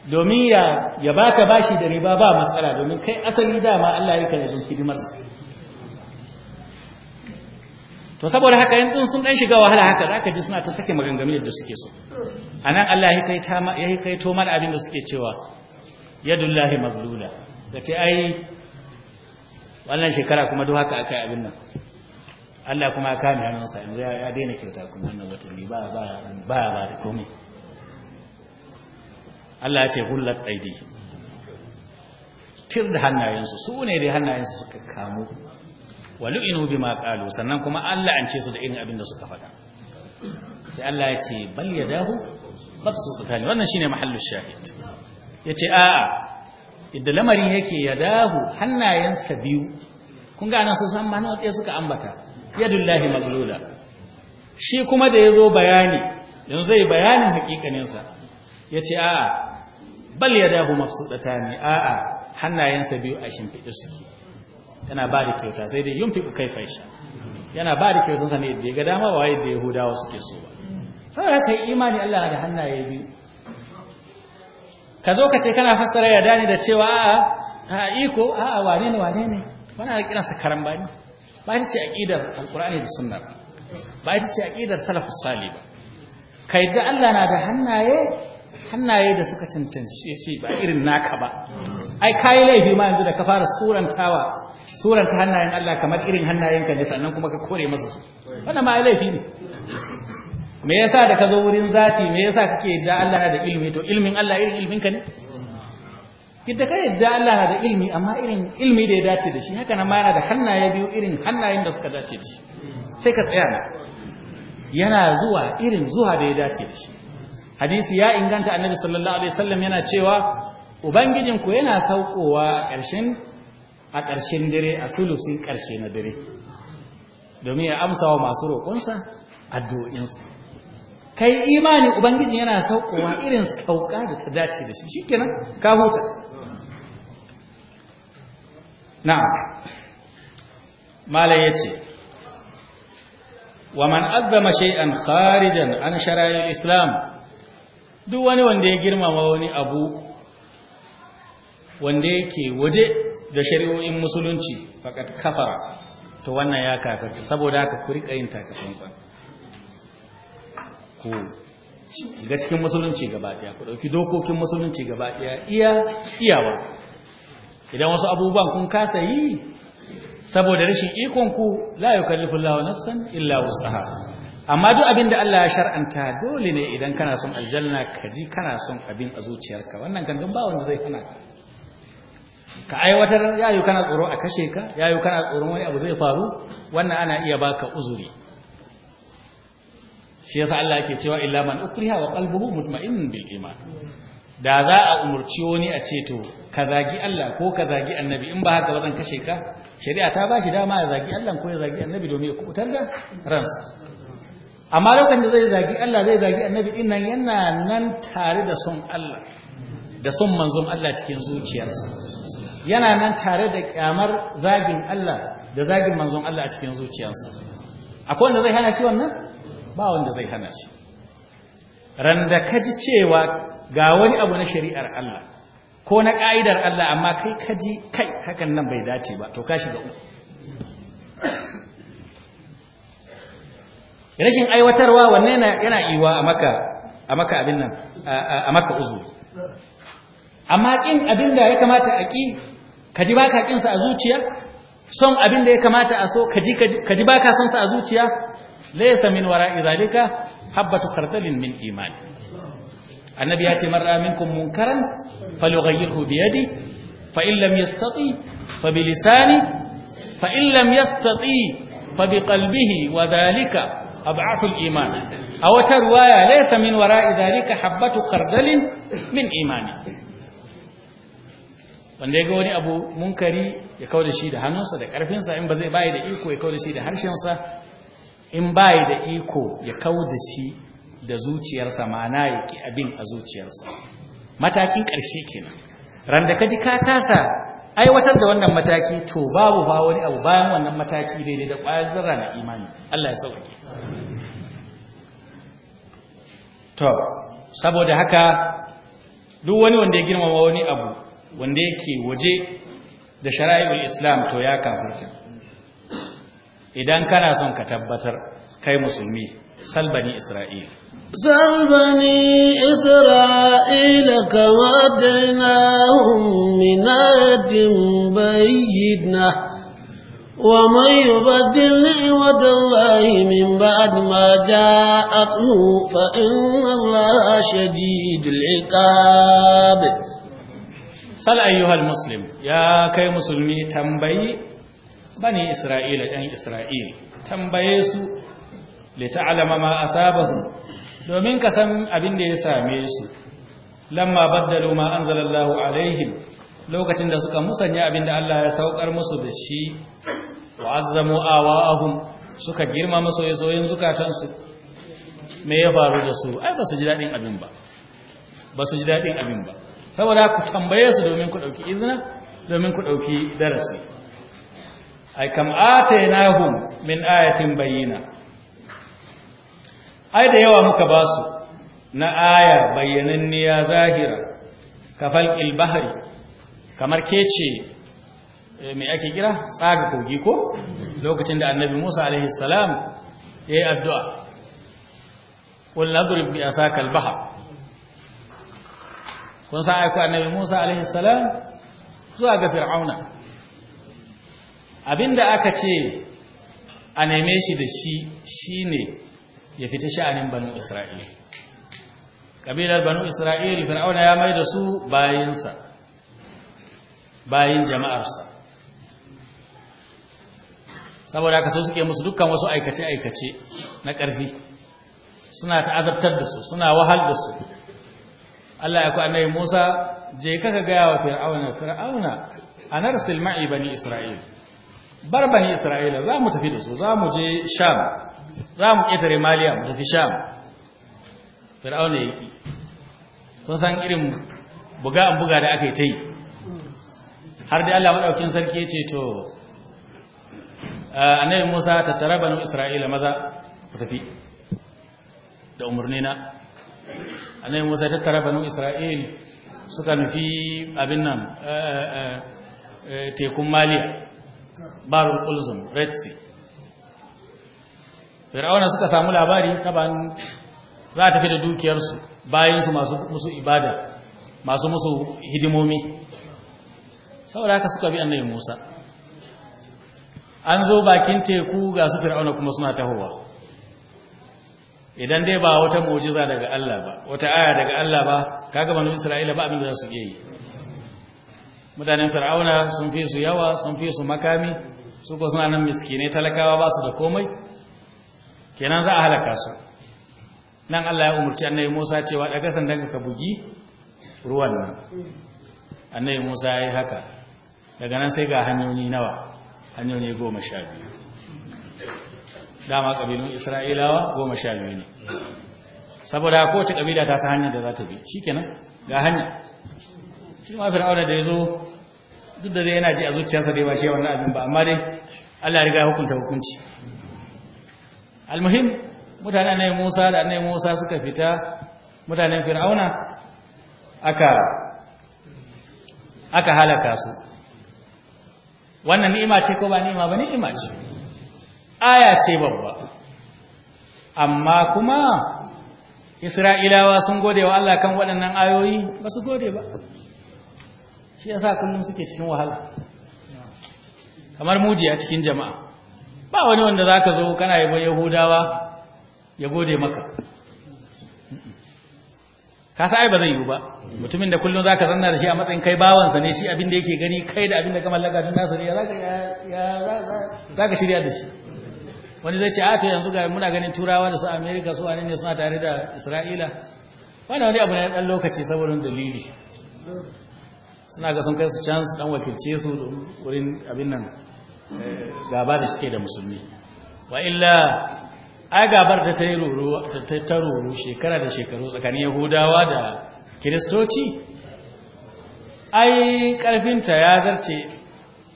domin ya ya baka bashi da riba ba matsala domin kai asali dama Allah ya kare don hidimar to saboda haka yanzu din sun dan shiga wahala haka zaka ji suna ta sake maganganun yadda suke so anan Allah ya kai ta ya kai to mal abin da suke cewa yadullahi mazlula kace ai wannan shekara kuma duk haka akai abin nan Allah kuma ya kame hannunsa yanzu ya daina kyauta kuma wannan watanni ba ba ba ba komai Allah ya ce hullat aidi tir da hannayensu su ne da hannayensu suka kamu walu'inu bima qalu sannan kuma Allah an ce su da irin abin da suka faɗa sai Allah ya ce bal yadahu mabsutatan wannan shine mahallin shahid yace a'a idda lamari yake yadahu hannayensa biyu kun ga nan san ma nawa suka ambata yadullahi maglula shi kuma da yazo bayani yanzu zai bayanin hakikaninsa yace a'a bal yadahu a a hannayensa biyu a shimfiɗe suke yana ba da kyauta sai dai yunfiqu kai faisha. yana ba da kyautar ne da ya ga dama waye da yahudawa suke so ba ka yi imani Allah da hannaye biyu ka zo ka ce kana fassara ya dani da cewa a'a a iko a'a wane ne wane ne wannan ana kiransa karambani ba ita ce aqidar alqur'ani da sunna ba ita ce aqidar salafus salih ba kai da Allah na da hannaye hannaye da suka cancanci shi ba irin naka ba ai kai laifi ma yanzu da ka fara surantawa suranta hannayen Allah kamar irin hannayenka ne sannan kuma ka kore masa su wannan ma laifi ne me yasa da ka zo wurin zati me yasa kake da Allah na da ilimi to ilmin Allah irin ilmin ka ne kidda kai da Allah na da ilimi amma irin ilimi da ya dace da shi haka na ma yana da hannaye biyu irin hannayen da suka dace da shi sai ka tsaya yana zuwa irin zuwa da ya dace da shi hadisi ya inganta annabi sallallahu alaihi wasallam yana cewa ubangijin ku yana saukowa ƙarshen a ƙarshen dare a sulusin ƙarshe na dare domin ya amsa wa masu roƙonsa addu'o'insa kai imani ubangijin yana saukowa irin sauka da ta dace da shi shikenan ka huta na'am malam yace wa man azzama shay'an kharijan an shara'il islam duk wani wanda ya girmama wani abu wanda yake waje da shari'o'in musulunci fakat kafara to wannan ya kafarta saboda haka ku riƙa yin takatsantsan ku shiga cikin musulunci gaba daya ku dauki dokokin musulunci gaba daya iya iyawa idan wasu abubuwan kun kasa yi saboda rashin ikon ku la yukallifullahu nafsan illa wus'aha amma duk abin da Allah ya shar'anta dole ne idan kana son aljanna ka ji kana son abin a zuciyarka wannan kan ba wanda zai hana ka ka aiwatar yayu kana tsoro a kashe ka yayu kana tsoron wani abu zai faru wannan ana iya baka uzuri shi yasa Allah yake cewa illa man ukriha wa qalbuhu mutma'innun bil iman da za a umurci wani a ce to ka zagi Allah ko ka zagi annabi in ba haka ba zan kashe ka shari'a ta ba shi dama ya zagi Allah ko ya zagi annabi domin ya kubutar da ransa amma lokacin da zai zagi Allah zai zagi annabi din nan yana nan tare da son Allah da son manzon Allah cikin zuciyarsa yana nan tare da kyamar zagin Allah da zagin manzon Allah a cikin zuciyarsa akwai wanda zai hana shi wannan ba wanda zai hana shi randa ka ji cewa ga wani abu na shari'ar Allah ko na ka'idar Allah amma kai ka ji kai hakan nan bai dace ba to ka shiga uku rashin aiwatarwa wanne yana iwa a maka a maka abin nan a maka uzuri amma kin abin da ya kamata a ki ka ji baka kin sa a zuciya son abin da ya kamata a so kaji kaji baka son sa a zuciya laysa min wara'i zalika habatu khardalin min imani annabi ya ce man ra'a minkum munkaran falyughayyirhu bi yadi fa in lam yastati fa bi lisani fa in lam yastati fa bi qalbihi wa dhalika ab'athul iman a wata ليس من min ذلك حبة habbatu من min imani wanda ya ga wani abu munkari ya kawo da shi da hannunsa da karfinsa in ba zai bayi da iko ya kawo da shi da harshensa in bayi da iko ya kawo da shi da zuciyarsa mana ya ƙi abin a zuciyarsa matakin ƙarshe kenan ran da kaji ka kasa aiwatar da wannan mataki to babu ba wani abu bayan wannan mataki daidai da ƙwayar zarra na imani Allah ya sauke to saboda haka duk wani wanda ya girmama wani abu wanda yake waje da shari'ar islam to ya kafirta idan kana son ka tabbatar kai musulmi salbani isra'il salbani isra'il kama dainahum minatin bayyidna. ومن يبدل نعمة الله من بعد ما جاءته فإن الله شديد العقاب سل أيها المسلم يا كي مسلمي تنبي بني إسرائيل أن إسرائيل تنبي سو لتعلم ما أصابهم domin ka san abin da ya same su lamma baddalu ma anzalallahu alaihim lokacin da suka musanya abin da Allah ya saukar musu da shi wa azzamu awa'ahum suka girma masoyoyin zukatansu me ya faru da su ai ba su ji dadin abin ba ba su ji dadin abin ba saboda ku tambaye su domin ku dauki izina domin ku dauki darasi ai kam atainahum min ayatin bayyina ai da yawa muka ba su na aya bayyananniya zahira ka falqil bahri kamar ke ce eh, mai ake kira tsaga kogi ko lokacin da annabi musa alaihissalam ya yi addu'a ƙulladur bi a sakal baha kun sa aiku annabi musa alaihissalam zuwa ga fir'auna abinda aka ce a neme shi da shi shi ne ya fita sha'anin banu isra'il ƙabilar banu isra'il fir'auna ya mai da su bayansa bayan jama'arsa saboda haka so suke musu dukkan wasu aikace-aikace na ƙarfi suna ta'azabtar da su suna wahal da su Allah ya ku annabi Musa je ka ga gaya wa fir'auna fir'auna anarsil ma'i bani isra'il bar bani isra'ila za mu tafi da su za mu je sham za mu ƙetare maliya mu tafi sham fir'auna yake kun san irin buga an buga da aka yi ta yi har dai Allah madaukin sarki yace ce to ah, annabi Musa ta tarabanu Isra'ila maza ku tafi da umurni na annabi Musa ta tarabanu banu Isra'il suka nufi abin nan eh, eh, eh, tekun Maliya barul ulzum Red Sea Fir'auna suka samu labari ban za ta fi da dukiyarsu bayansu masu musu ibada masu musu hidimomi saboda haka suka bi annabi Musa an zo bakin teku ga su fir'auna kuma suna tahowa idan dai ba wata mu'jiza daga Allah ba wata aya daga Allah ba kaga banu Isra'ila ba abin da su yi mutanen fir'auna sun fi su yawa sun fi su makami su ko suna nan miskinai talakawa ba su da komai kenan za a halaka su nan Allah ya umurci annabi Musa cewa daga sandan ka bugi ruwan nan annabi Musa ya yi haka daga nan sai ga hanyoyi nawa hanyoyi goma sha biyu dama ƙabilun isra'ilawa goma sha biyu ne saboda kowace ƙabila ta sa hanyar da za ta bi shi kenan ga hanya shi ma fir'auna da ya zo duk da zai yana ji a zuciyarsa dai ba shi wannan abin ba amma dai Allah riga hukunta hukunci almuhim mutanen annabi Musa da annabi Musa suka fita mutanen fir'auna aka aka halaka su wannan ni'ima ce ko ba ni'ima ba ni'ima ce aya ce babba amma kuma isra'ilawa sun gode wa Allah kan waɗannan ayoyi ba su gode ba shi yasa kullum suke cikin wahala kamar muji a cikin jama'a ba wani wanda za ka zo kana yabo yahudawa ya gode maka ka sai ba zai yi ba mutumin da kullun zaka zanna da shi a matsayin kai bawansa ne shi abin da yake gani kai da abin da ka mallaka tun ne zaka ya zaka shirya da shi wani zai ce a to yanzu ga muna ganin turawa da su America su wani ne suna tare da Isra'ila wani wani abu ne dan lokaci saboda dalili suna ga sun kai su can su dan wakilce su wurin abin nan eh, gaba da suke da musulmi wa illa ai gabar da ta yi roro ta roro shekara da shekaru tsakanin yahudawa da kiristoci ai karfinta ya zarce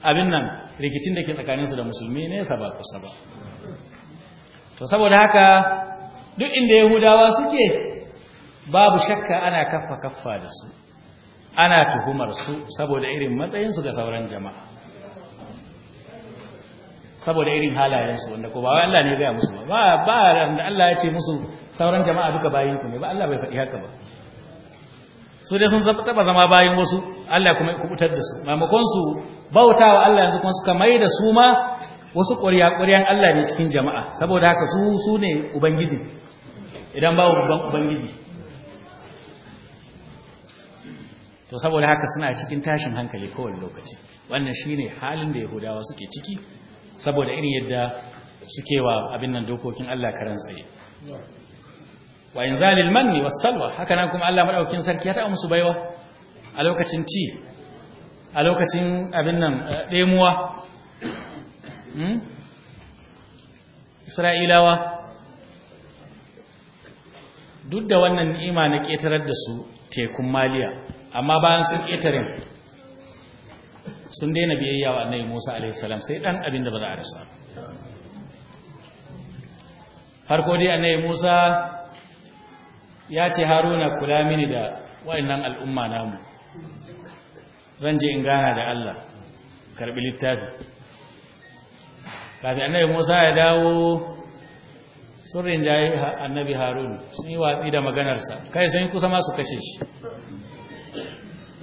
abin nan rikicin da ke tsakaninsu da musulmi ne saba kusa ba to saboda haka duk inda yahudawa suke babu shakka ana kaffa kaffa da su ana tuhumar su saboda irin matsayinsu ga sauran jama'a saboda irin halayensu wanda ko ba wai Allah ne ya musu ba ba da Allah ya ce musu sauran jama'a duka bayin ku ne ba Allah bai faɗi haka ba su dai sun taba zama bayin wasu Allah kuma ya kubutar da su maimakon su bautawa Allah yanzu kuma suka mai da su ma wasu ƙwarya ƙwaryan Allah ne cikin jama'a saboda haka su su ne ubangiji idan ba ubangiji to saboda haka suna cikin tashin hankali kowane lokaci wannan shine halin da yahudawa suke ciki saboda irin yadda suke wa abin nan dokokin Allah karan tsaye wa inzalil manni was salwa haka nan kuma Allah madaukin sarki ya ta musu baiwa a lokacin ci a lokacin abin nan demuwa eh, hmm? Isra'ilawa duk da wannan ni'ima na ƙetarar da su tekun maliya amma bayan sun ƙetarin sun daina biyayya wa annabi Musa alaihi salam sai dan abin da ba za a rasa farko dai annabi Musa ya ce Haruna kula mini da wayannan al'umma namu zan je in gana da Allah karbi littafi kafin annabi Musa ya dawo sun rinjaye annabi Harun sun yi watsi da maganarsa kai sun yi kusa su kashe shi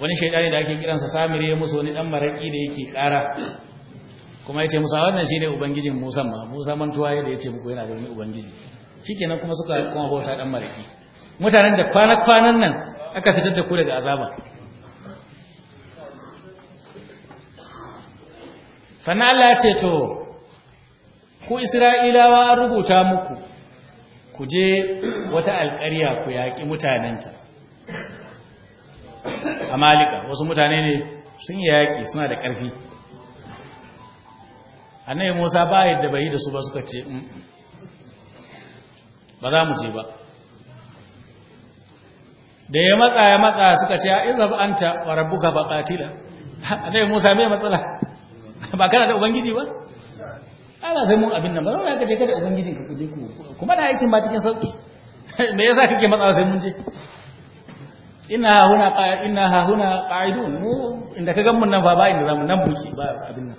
wani shaidani da ake kiransa samiri ya musu wani dan maraki da yake kara kuma yace musa wannan shine ubangijin Musa ma Musa mantuwa ya da yace muku yana da wani ubangiji shikenan kuma suka kuma bauta dan maraki mutanen da kwana kwanan nan aka fitar da ku daga azaba sannan Allah ya ce to ku Isra'ilawa an rubuta muku ku je wata alƙarya ku yaƙi mutanenta Amalika wasu mutane ne sun yi yaƙi suna da ƙarfi annai musa ba yadda bai yi da su ba suka ce ba za mu ce ba da ya matsa ya matsa suka ce a izab anta wa rabbuka ba qatila annai musa mai matsala ba kana da ubangiji ba A ba sai mun abin nan ba za ka je ka da ubangiji ka kuje ku kuma na aikin ba cikin sauki me yasa kake matsa sai mun je ina hahuna ina hahuna qa'idun mu inda ka gan mun nan fa ba inda zamu nan buki ba abin nan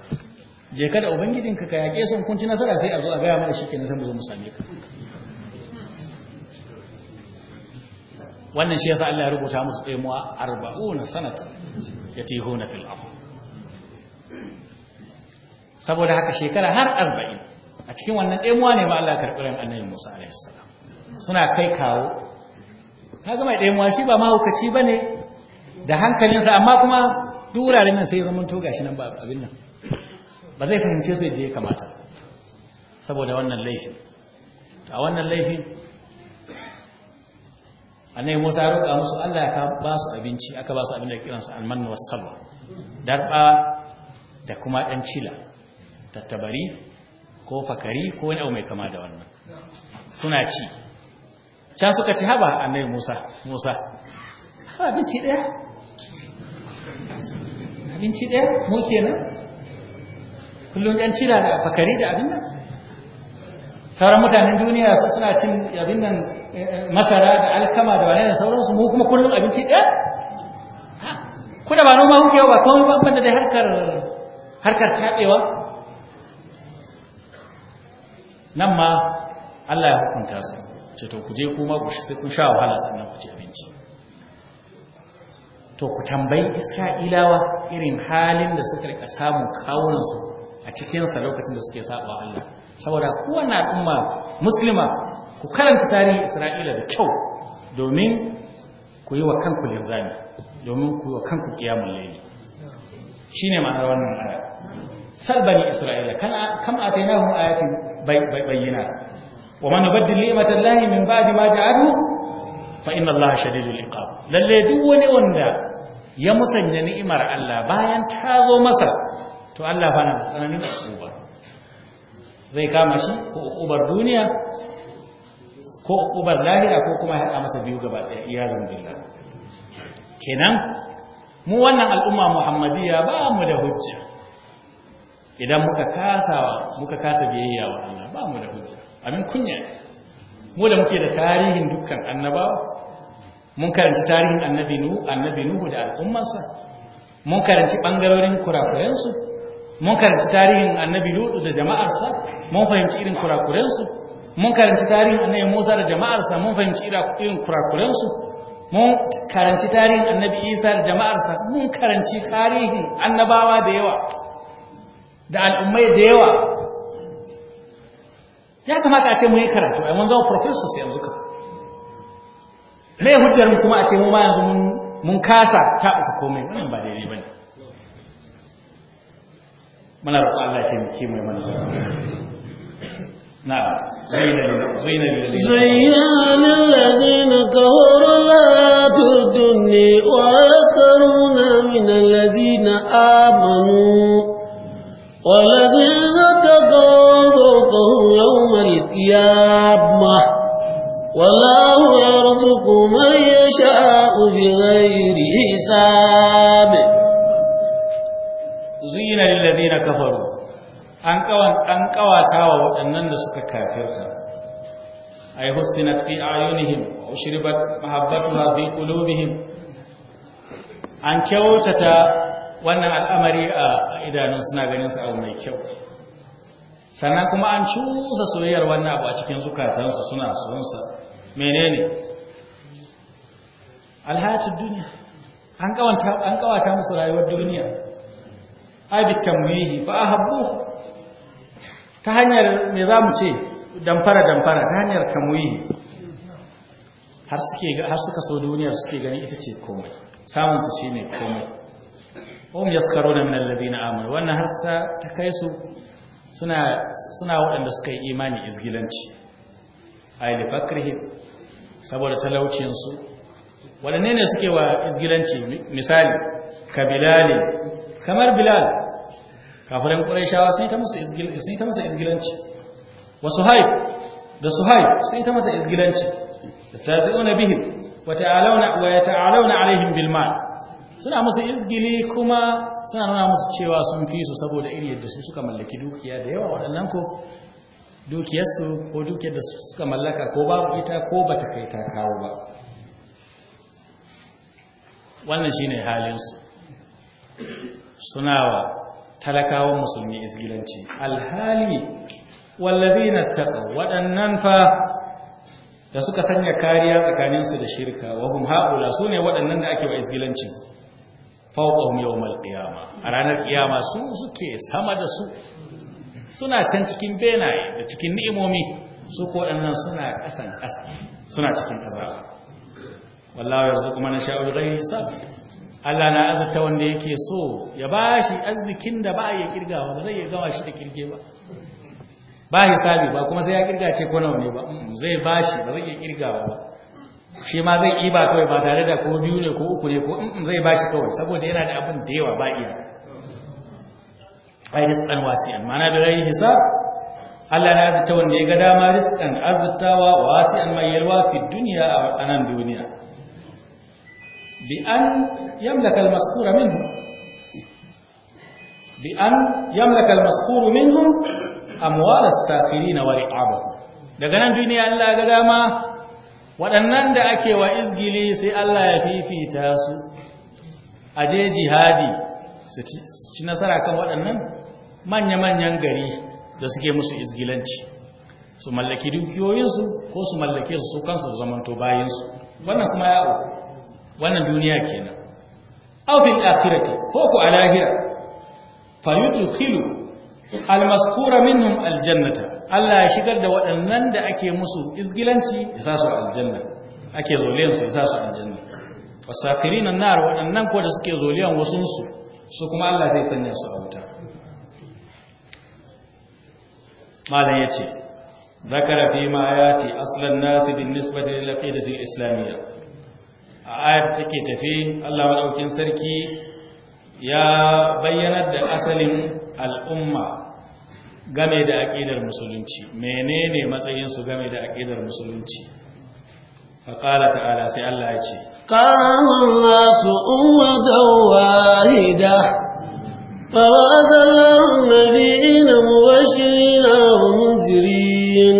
je ka da ubangijin ka yake son kun ci nasara sai a zo a ga mana shi shikenan sai mu zo mu same ka wannan shi yasa Allah ya rubuta musu ɗaya muwa 40 sanata yatihuna fil ardh saboda haka shekara har 40 a cikin wannan ɗaya eh, muwa ne ma Allah ya karɓi annabi Musa alaihi salam suna kai kawo kaga mai ɗayan washi ba mahaukaci ba ne da hankalinsa amma kuma duk wuraren nan sai zama to shi nan ba abin nan ba zai fahimce su yadda ya kamata saboda wannan laifin a wannan laifin nai musa roƙa musu allah ya ba su abinci aka ba su abin da kiransa almanna wasu darɓa da kuma ɗan cila tattabari ko fakari ko wani abu mai kama da wannan suna ci can suka ci haba annai musa musa abinci ɗaya abinci ɗaya mu kenan kullum yan cira da fakari da abin nan sauran mutanen duniya suna cin abin nan eh, eh, masara da alkama da wani da sauransu mu kuma kullum abinci ɗaya kuna ba noma kuke ba kuma ba banda da harkar harkar taɓewa nan ma Allah ya hukunta su ce to ku je kuma ku sai kun sha wahala sannan ku ci abinci to ku tambayi isra'ilawa irin halin da suka rika samun kawunansu a cikinsa lokacin da suke saba Allah saboda kowane al'umma muslima ku karanta tarihin isra'ila da kyau domin ku yi wa kanku linzami domin ku yi wa kanku kiyamun laili shine ma'anar wannan aya Sabani isra'ila kama atainahum ayatin bayyana wa man yubaddil ni'matallahi min ba'di ma ja'athu fa inna allaha shadidul iqab lalle duk wani wanda ya musanya ni'imar Allah bayan ta zo masa to Allah fa na tsananin uba zai kama shi ko ubar duniya ko ubar lahira ko kuma haɗa masa biyu gaba ɗaya iyazan billah kenan mu wannan al'umma muhammadiyya ba mu da hujja idan muka kasa muka kasa biyayya wa Allah ba mu da hujja abin kunya mu da muke da tarihin dukkan annabawa mun karanci tarihin annabi nu annabi nuhu da al'ummarsa mun karanci bangarorin kurakurensu mun karanci tarihin annabi lutu da jama'arsa mun fahimci irin kurakurensu mun karanci tarihin annabi musa da jama'arsa mun fahimci irin kurakurensu mun karanci tarihin annabi isa da jama'arsa mun karanci tarihin annabawa da yawa da al'ummai da yawa ya kamata a ce mun yi karatu ai mun zama professors yanzu ka me hujjar mu kuma a ce mu ma yanzu mun mun kasa tabuka komai wannan ba daidai bane muna roƙo Allah ya taimake mu mana zuwa زين الذين كفروا لا تردني ويسخرون من الذين آمنوا والذين Yamma, اليابة والله يرزق من يشاء بغير حساب زين للذين كفروا an ƙawata wa waɗannan da suka kafirta ay hustinat fi ayunihim wa ushribat mahabbatuha fi qulubihim an kyautata wannan al'amari a idanun suna ganin su abu mai kyau sannan kuma an cusa soyayyar wannan abu a cikin zukatansu suna sonsa menene alhayatun duniya an kawata musu rayuwar duniya abit tamwihi fa ahabbu ta hanyar me za mu ce damfara damfara ta hanyar tamwihi har har suka so duniyar suke gani ita ce komai samun ta ne komai na na min na amur wannan har ta kai su suna waɗanda suka yi imani izgilanci a yi fakrihim saboda talaucinsu waɗanne ne suke wa izgilanci misali ka bilali kamar bilal kafirin ƙwarishawa sun yi ta masa izgilanci wa haif da haif sun yi ta masa izgilanci istazi'una bihin wata alauna alaihin bilman. suna musu izgili kuma suna nuna musu cewa sun fi su saboda iri yadda su suka mallaki dukiya da yawa waɗannan ko dukiyarsu ko dukiyar da suka mallaka ko babu ita ko ba ta kai ta kawo ba wannan shi ne halinsu suna wa talakawan musulmi izgilanci alhali wallabi na taɓa waɗannan fa da suka sanya kariya tsakaninsu da shirka wahum haƙula su ne waɗannan da ake wa izgilanci fawqahum yawmal qiyama a ranar ƙiyama su suke sama da su suna can cikin benaye da cikin ni'imomi su ko ɗannan suna ƙasan ƙasa suna cikin ƙasa wallahi yanzu kuma na sha'ul ghairi hisab Allah na azurta wanda yake so ya bashi arzikin da ba ya kirgawa ba zai iya gawa shi da kirge ba ba hisabi ba kuma sai ya kirga ce ko nawa ne ba mm, zai bashi ba zai ya ba shi ma zai iba kawai ba tare da ko biyu ne ko uku ne ko in zai bashi kawai saboda yana da abin da yawa ba iya ai rizqan wasi'an mana da rai hisab Allah na azurta wanda ya ga dama rizqan wa wasi'an mai yalwa fi duniya a nan duniya bi an yamlaka al-masqura minhu bi an yamlaka al-masquru minhum amwal as wa riqabahum daga nan duniya Allah ga dama waɗannan da ake wa izgili sai Allah ya fifita su aje jihadi su ci nasara kan waɗannan manya-manyan gari da suke musu izgilanci su mallaki dukiyoyinsu ko su mallake su kansu su zamanto bayansu wannan kuma ya wannan duniya kenan aw fil ko ku alahira khilu almaskura minhum aljannata Allah ya shigar da waɗannan da ake musu izgilanci ya sa su aljanna ake zoliyan su ya sa su aljanna wasafirin annar waɗannan ko da suke zoliyan wasunsu su su kuma Allah zai sanya su a wuta malam ya ce nas فيما nisbati lil aqidati al islamiyya a ayat take tafi Allah madaukin sarki ya bayyanar da asalin al'umma game da aƙidar musulunci menene matsayinsu game da aƙidar musulunci faƙala ta'ala sai Allah ya ce ƙanan masu ummatan wahida fawasallar nabiyina mubashirina wa munzirin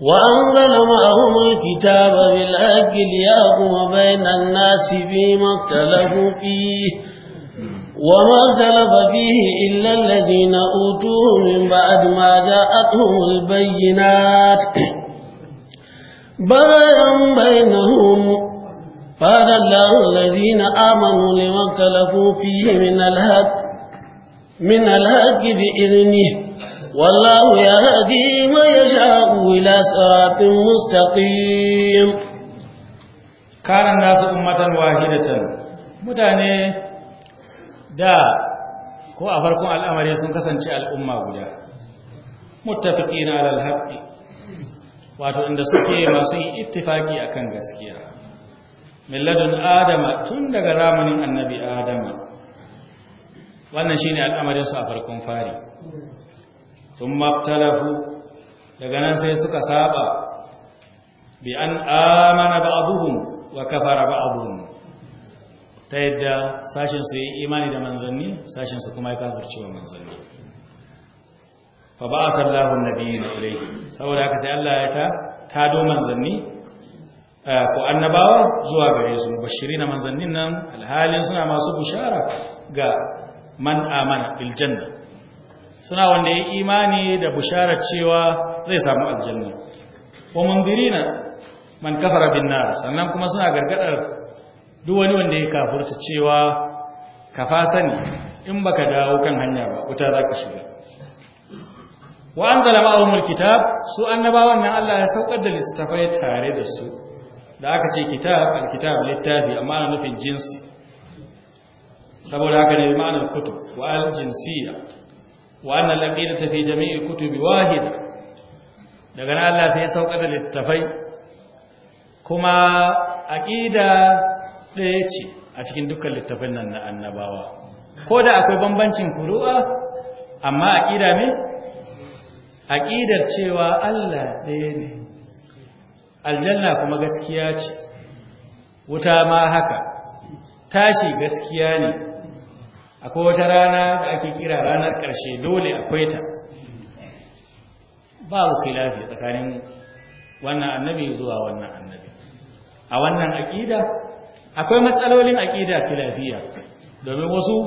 wa anzala ma'ahum alkitaba bil aqli kuma bainan nasi bima ikhtalafu fihi وما اختلف فيه إلا الذين أوتوه من بعد ما جاءتهم البينات بغيا بينهم قال الله الذين آمنوا لما اختلفوا فيه من الهد من الهد بإذنه والله يهدي ما يشاء إلى صراط مستقيم كان الناس أمة واحدة متعني da ko a farkon al'amari sun kasance al'umma guda muttafiqina alal haqqi wato inda suke masu ittifaki akan gaskiya milladun adama tun daga zamanin annabi adama wannan shine al'amarin su a farkon fari Tun maftalahu daga nan sai suka saba bi an amana ba'dhum wa kafara ba'dhum ta yadda sashen su yi imani da manzanni sashen su kuma ya kafirce wa manzanni fa ba'atha na an na ilayhi saboda haka sai Allah ya ta tado manzanni ko annabawa zuwa gare su na manzannin nan alhalin suna masu bushara ga man amana bil janna suna wanda ya imani da bushara cewa zai samu aljanna wa mundirina man kafara bin nar sannan kuma suna gargadar duk wani wanda ya kafurta cewa ka fa sani in baka dawo kan hanya ba wuta za ka shiga wa anzala ma'ahumul kitab su annabawan nan Allah ya saukar da littafai tare da su da aka ce kitab alkitab littafi amma ana nufin jinsi saboda haka ne ma'anar kutub wa aljinsiya wa annal ta fi kutu kutubi wahida daga nan Allah sai ya saukar da littafai kuma aqida ɗaya ce a cikin dukkan littafin nan na annabawa ko da akwai bambancin kuru'a amma a aƙida me ƙidar cewa Allah ɗaya ne aljanna kuma gaskiya ce wuta ma haka tashi gaskiya ne akwai wata rana da ake kira ranar ƙarshe dole akwai ta babu khilafi tsakanin wannan annabi zuwa wannan annabi a wannan aƙida akwai matsalolin aƙida filafiya domin wasu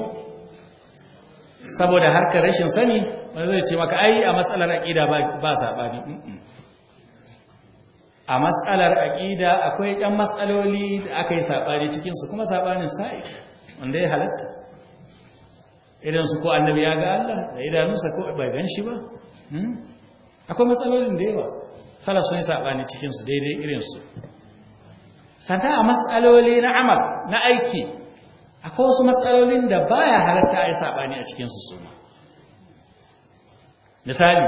saboda harkar rashin sani wani zai ce maka ai a matsalar aƙida ba saɓani a matsalar aƙida akwai ɗan matsaloli da aka yi saɓani cikinsu kuma saɓanin sa'i wanda ya halatta idan su ko annabi ya ga Allah da idanunsa ko bai gan shi ba mm-hmm. akwai matsalolin da yawa salaf sun yi saɓani cikinsu daidai irinsu sannan a matsaloli na amal na aiki akwai wasu matsalolin da baya halatta a yi saɓani a cikinsu suna misali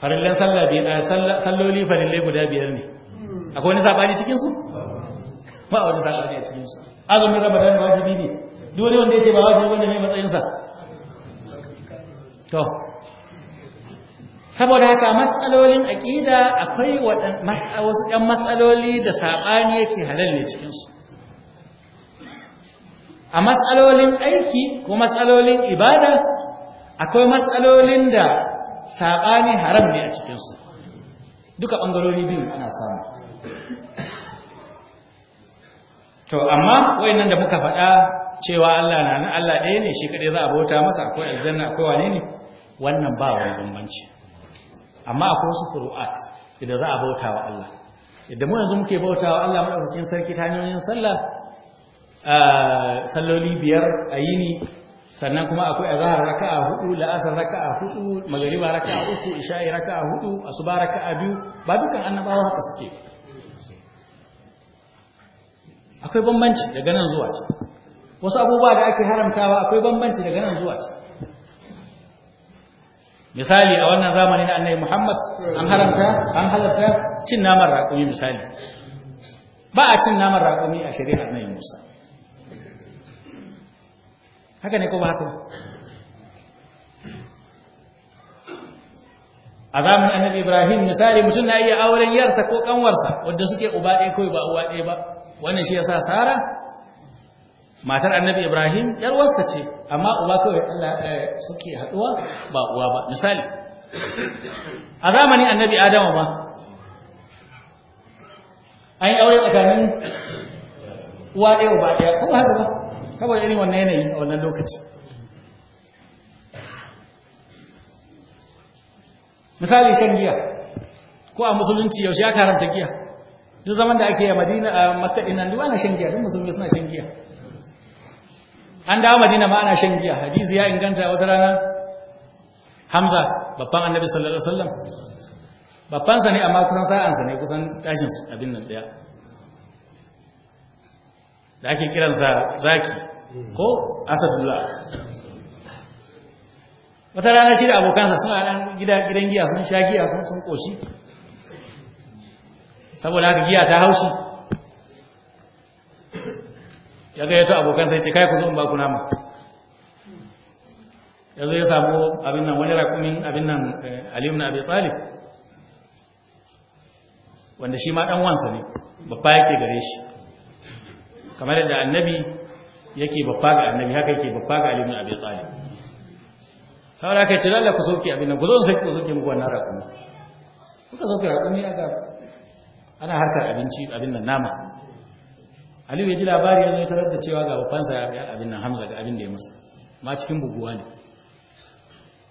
farillan eh, salloli farillai guda biyar ne akwai wani saɓani cikinsu ba a wani saɓani a cikinsu azumin ramadan wajibi ne duk wani wanda ya ce ba wajibi wanda mai matsayinsa to saboda haka matsalolin aƙida akwai wasu ɗan matsaloli da saɓani yake halal ne cikinsu a matsalolin aiki ko matsalolin ibada akwai matsalolin da saɓani haram ne a cikinsu duka ɓangarori biyu ana samu to amma wayannan da muka faɗa cewa Allah na nan Allah ɗaya ne shi kaɗai za a bauta masa akwai aljanna akwai wane ne wannan ba wani bambanci amma akwai wasu furu'at da za a bauta wa Allah idan mu yanzu muke bauta wa Allah madaukakin sarki ta hanyoyin sallah salloli biyar a yini sannan kuma akwai azhar raka'a hudu la'asar raka'a hudu magariba raka'a uku isha'i raka'a hudu asuba raka'a biyu ba dukan annabawa haka suke akwai bambanci daga nan zuwa ci wasu abubuwa da ake haramtawa akwai bambanci daga nan zuwa ci misali a wannan zamani na annabi Muhammad an haramta an halarta cin naman raƙumi misali ba a cin naman raƙumi a shari'ar annabi Musa haka ne ko ba haka a zamanin annabi Ibrahim misali mutum na iya auren yarsa ko kanwarsa wadda suke uba ɗaya kawai ba uwa ɗaya ba wannan shi yasa Sara matar annabi ibrahim yar wasa ce amma uba kawai Allah eh, suke haduwa ba uwa ba misali a zamanin annabi adamu ba an yi aure tsakanin uwa ɗaya uba ɗaya ko haka ba saboda irin wannan yanayi a wannan lokaci misali shan giya ko a musulunci yaushe ya karanta giya duk zaman da ake a madina a makka dinan duk ana shan giya duk musulmi suna shan giya an dawo madina ma ana shan giya hadisi ya inganta wata rana hamza babban annabi sallallahu alaihi wasallam babban sa ne amma kusan sa'an sa ne kusan tashin abin nan daya da ake kiransa zaki ko asadullah wata rana shi da abokansa suna gida gidan giya sun sha giya sun sun koshi saboda haka giya ta haushi ya gaya ta abokan sai ce kai ku zo in ba ku nama yanzu ya samu abin nan wani rakumin abin nan eh, aliyu na abin tsali wanda shi ma dan wansa ne babba yake gare shi kamar yadda annabi yake babba ga annabi haka yake babba ga aliyu na abin tsali saboda haka ce lalla ku soke abin nan ku zo ku soke muku wannan rakumi kuka sauke rakumi aka ana harkar abinci abin nan nama aliyu ya ji labari ya zai tarar da cewa ga babansa ya abin nan hamza ga abin da ya musa, ma cikin buguwa ne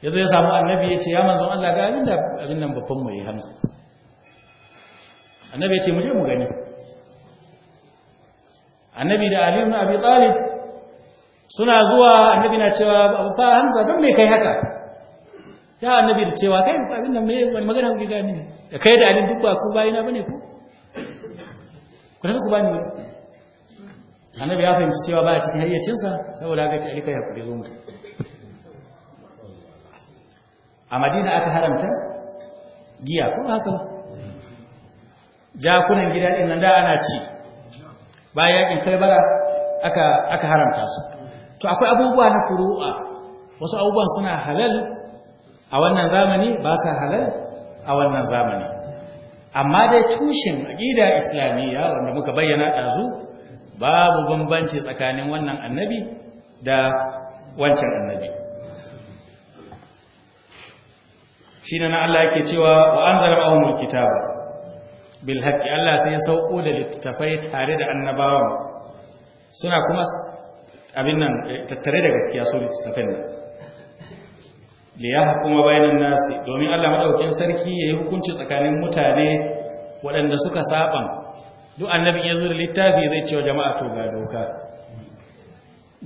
ya zai ya samu annabi ya ce ya manzon Allah ga abin da abin nan babban mu ya hamza annabi ya ce muje mu gani annabi da aliyu na abi talib suna zuwa annabi na cewa fa hamza don me kai haka ya annabi da cewa kai abin nan me wani magana kuke gani da kai da aliyu duk ba ku bayina bane ku ku tafi ku bani wani annabi ya fahimci cewa ba a cikin hayyacinsa saboda haka ce alika ya kudi zo mutu a madina aka haramta giya ko haka jakunan gida ɗin nan da ana ci bayan yakin bara aka aka haramta su to akwai abubuwa na furu'a wasu abubuwan suna halal a wannan zamani ba sa halal a wannan zamani amma dai tushen aqida islamiyya wanda muka bayyana ɗazu babu bambanci tsakanin wannan annabi da wancan annabi shi na Allah yake cewa wa an zara ma'amul kitaba bil haƙi Allah sai ya sauko da littattafai tare da annabawan suna kuma abin nan eh, tattare da gaskiya so littattafai nan da ya hukuma bayanan nasi domin Allah maɗaukin sarki ya yi hukunci tsakanin mutane waɗanda suka saban duk annabi ya zo littafi zai ce wa jama'a to ga doka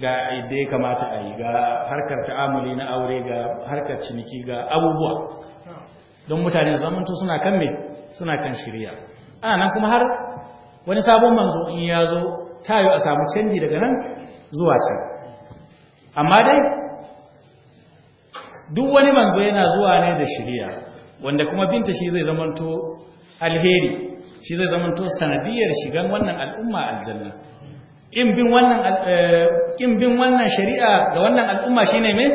ga da ya kamata a yi ga harkar ta'amuli na aure ga harkar ciniki ga abubuwa don mutane zamanto suna kan me suna kan shirya ana nan kuma har wani sabon manzo in ya zo tayo a samu canji daga nan zuwa can amma dai duk wani manzo yana zuwa ne da shirya wanda kuma binta shi zai zamanto alheri shi zai zama to sanadiyar shigan wannan al'umma aljanna in eh, bin wannan shari'a ga wannan al'umma shine me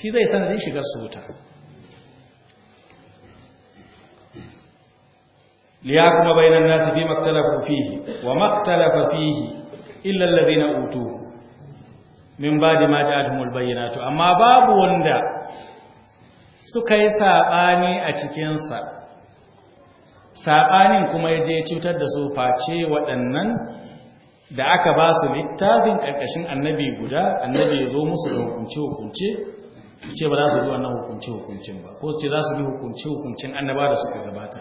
shi zai sanadin shigar su wuta liyakuma bainan nasi fi maktalafu fihi wa maktalafa fihi illa alladhina utu min ba'di ma ja'atuhumul bayyinatu amma babu wanda suka yi sabani a cikinsa. sabanin kuma ya je cutar da su face waɗannan da aka ba su littafin ƙarƙashin annabi guda annabi ya zo musu da hukunce-hukunce ce ba za su bi wannan hukunce hukuncin ba ko ce za su bi hukunce hukuncin annaba da suka gabata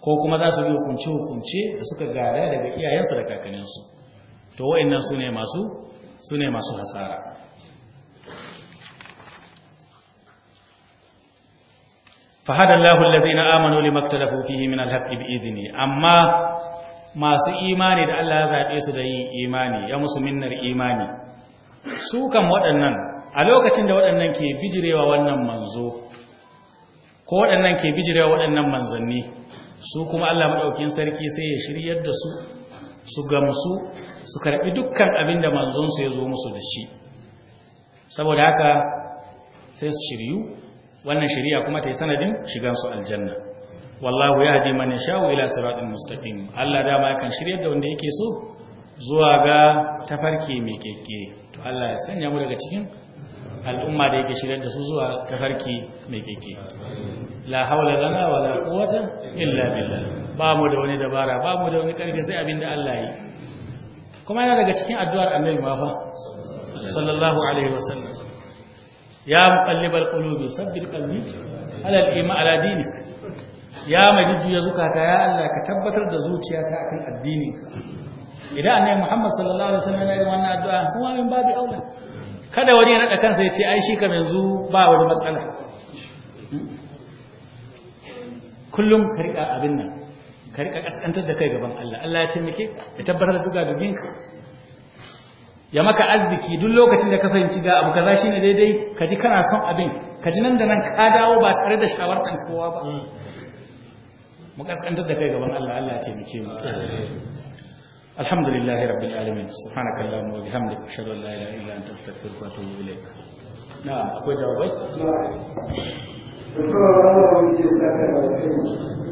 ko kuma za su bi hukunce-hukunce da suka gada daga iyayensu da kakanninsu to wa'annan nan su ne masu hasara fahada Allahu na amanu limaktalafu fihi min alhaqqi bi'izni amma masu imani da Allah ya zabe su da yin imani ya musu imani su kan waɗannan a lokacin da waɗannan ke bijirewa wannan manzo ko waɗannan ke bijirewa waɗannan manzanni su kuma Allah madaukin sarki sai ya shiryar da su su gamsu su karbi dukkan abin da manzon su ya zo musu da shi saboda haka sai su shiryu wannan shari'a kuma ta yi sanadin shigan su aljanna wallahu ya hadi mani yasha'u ila siratin mustaqim Allah dama kan shirya da wanda yake so zuwa ga tafarki mai keke. to Allah ya sanya mu daga cikin al'umma da yake shirya da su zuwa tafarki mai keke. la haula lana la quwwata illa billah ba mu da wani dabara ba mu da wani karfi sai abinda Allah yi kuma yana daga cikin addu'ar annabi ma fa sallallahu alaihi wasallam ya muqallibal qulubi sabbit qalbi ala al-iman ala dinik ya majiji ya zukata ya Allah ka tabbatar da zuciyata akan addininka idan annabi Muhammad sallallahu alaihi wasallam ya yi wannan addu'a kuma min babu aula kada wani ya nada kansa ya ce ai shi kam yanzu ba wani matsala kullum ka rika abin nan ka rika kaskantar da kai gaban Allah Allah ya ce taimake ka tabbatar da duka dubinka ya maka arziki duk lokacin da ka fahimci ga abu kaza shine daidai ka ji kana son abin ka ji nan da nan ka dawo ba tare da shawartan kowa ba mu kaskantar da kai gaban Allah Allah ya taimake mu alhamdulillahi rabbil alamin subhanaka allahumma wa bihamdika ashhadu an la ilaha illa anta astaghfiruka wa atubu ilaik na'am akwai jawabai